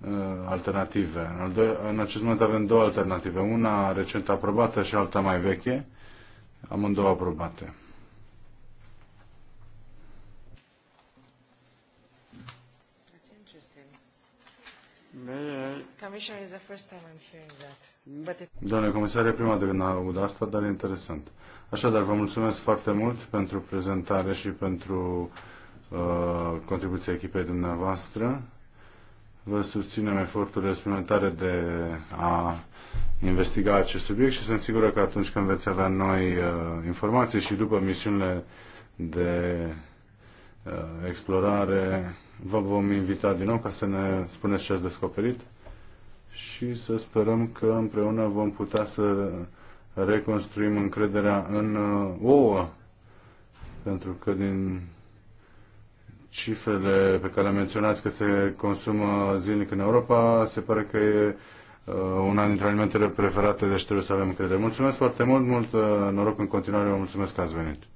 uh, alternative, în, al doilea, în acest moment avem două alternative, una recent aprobată și alta mai veche, amândouă aprobate. Doamne comisar, e prima de când aud asta, dar e interesant. Așadar, vă mulțumesc foarte mult pentru prezentare și pentru uh, contribuția echipei dumneavoastră. Vă susținem eforturile suplimentare de a investiga acest subiect și sunt sigură că atunci când veți avea noi uh, informații și după misiunile de uh, explorare, Vă vom invita din nou ca să ne spuneți ce ați descoperit și să sperăm că împreună vom putea să reconstruim încrederea în uh, ouă. Pentru că din cifrele pe care le menționați că se consumă zilnic în Europa, se pare că e uh, una dintre alimentele preferate, deci trebuie să avem încredere. Mulțumesc foarte mult, mult uh, noroc în continuare, vă mulțumesc că ați venit.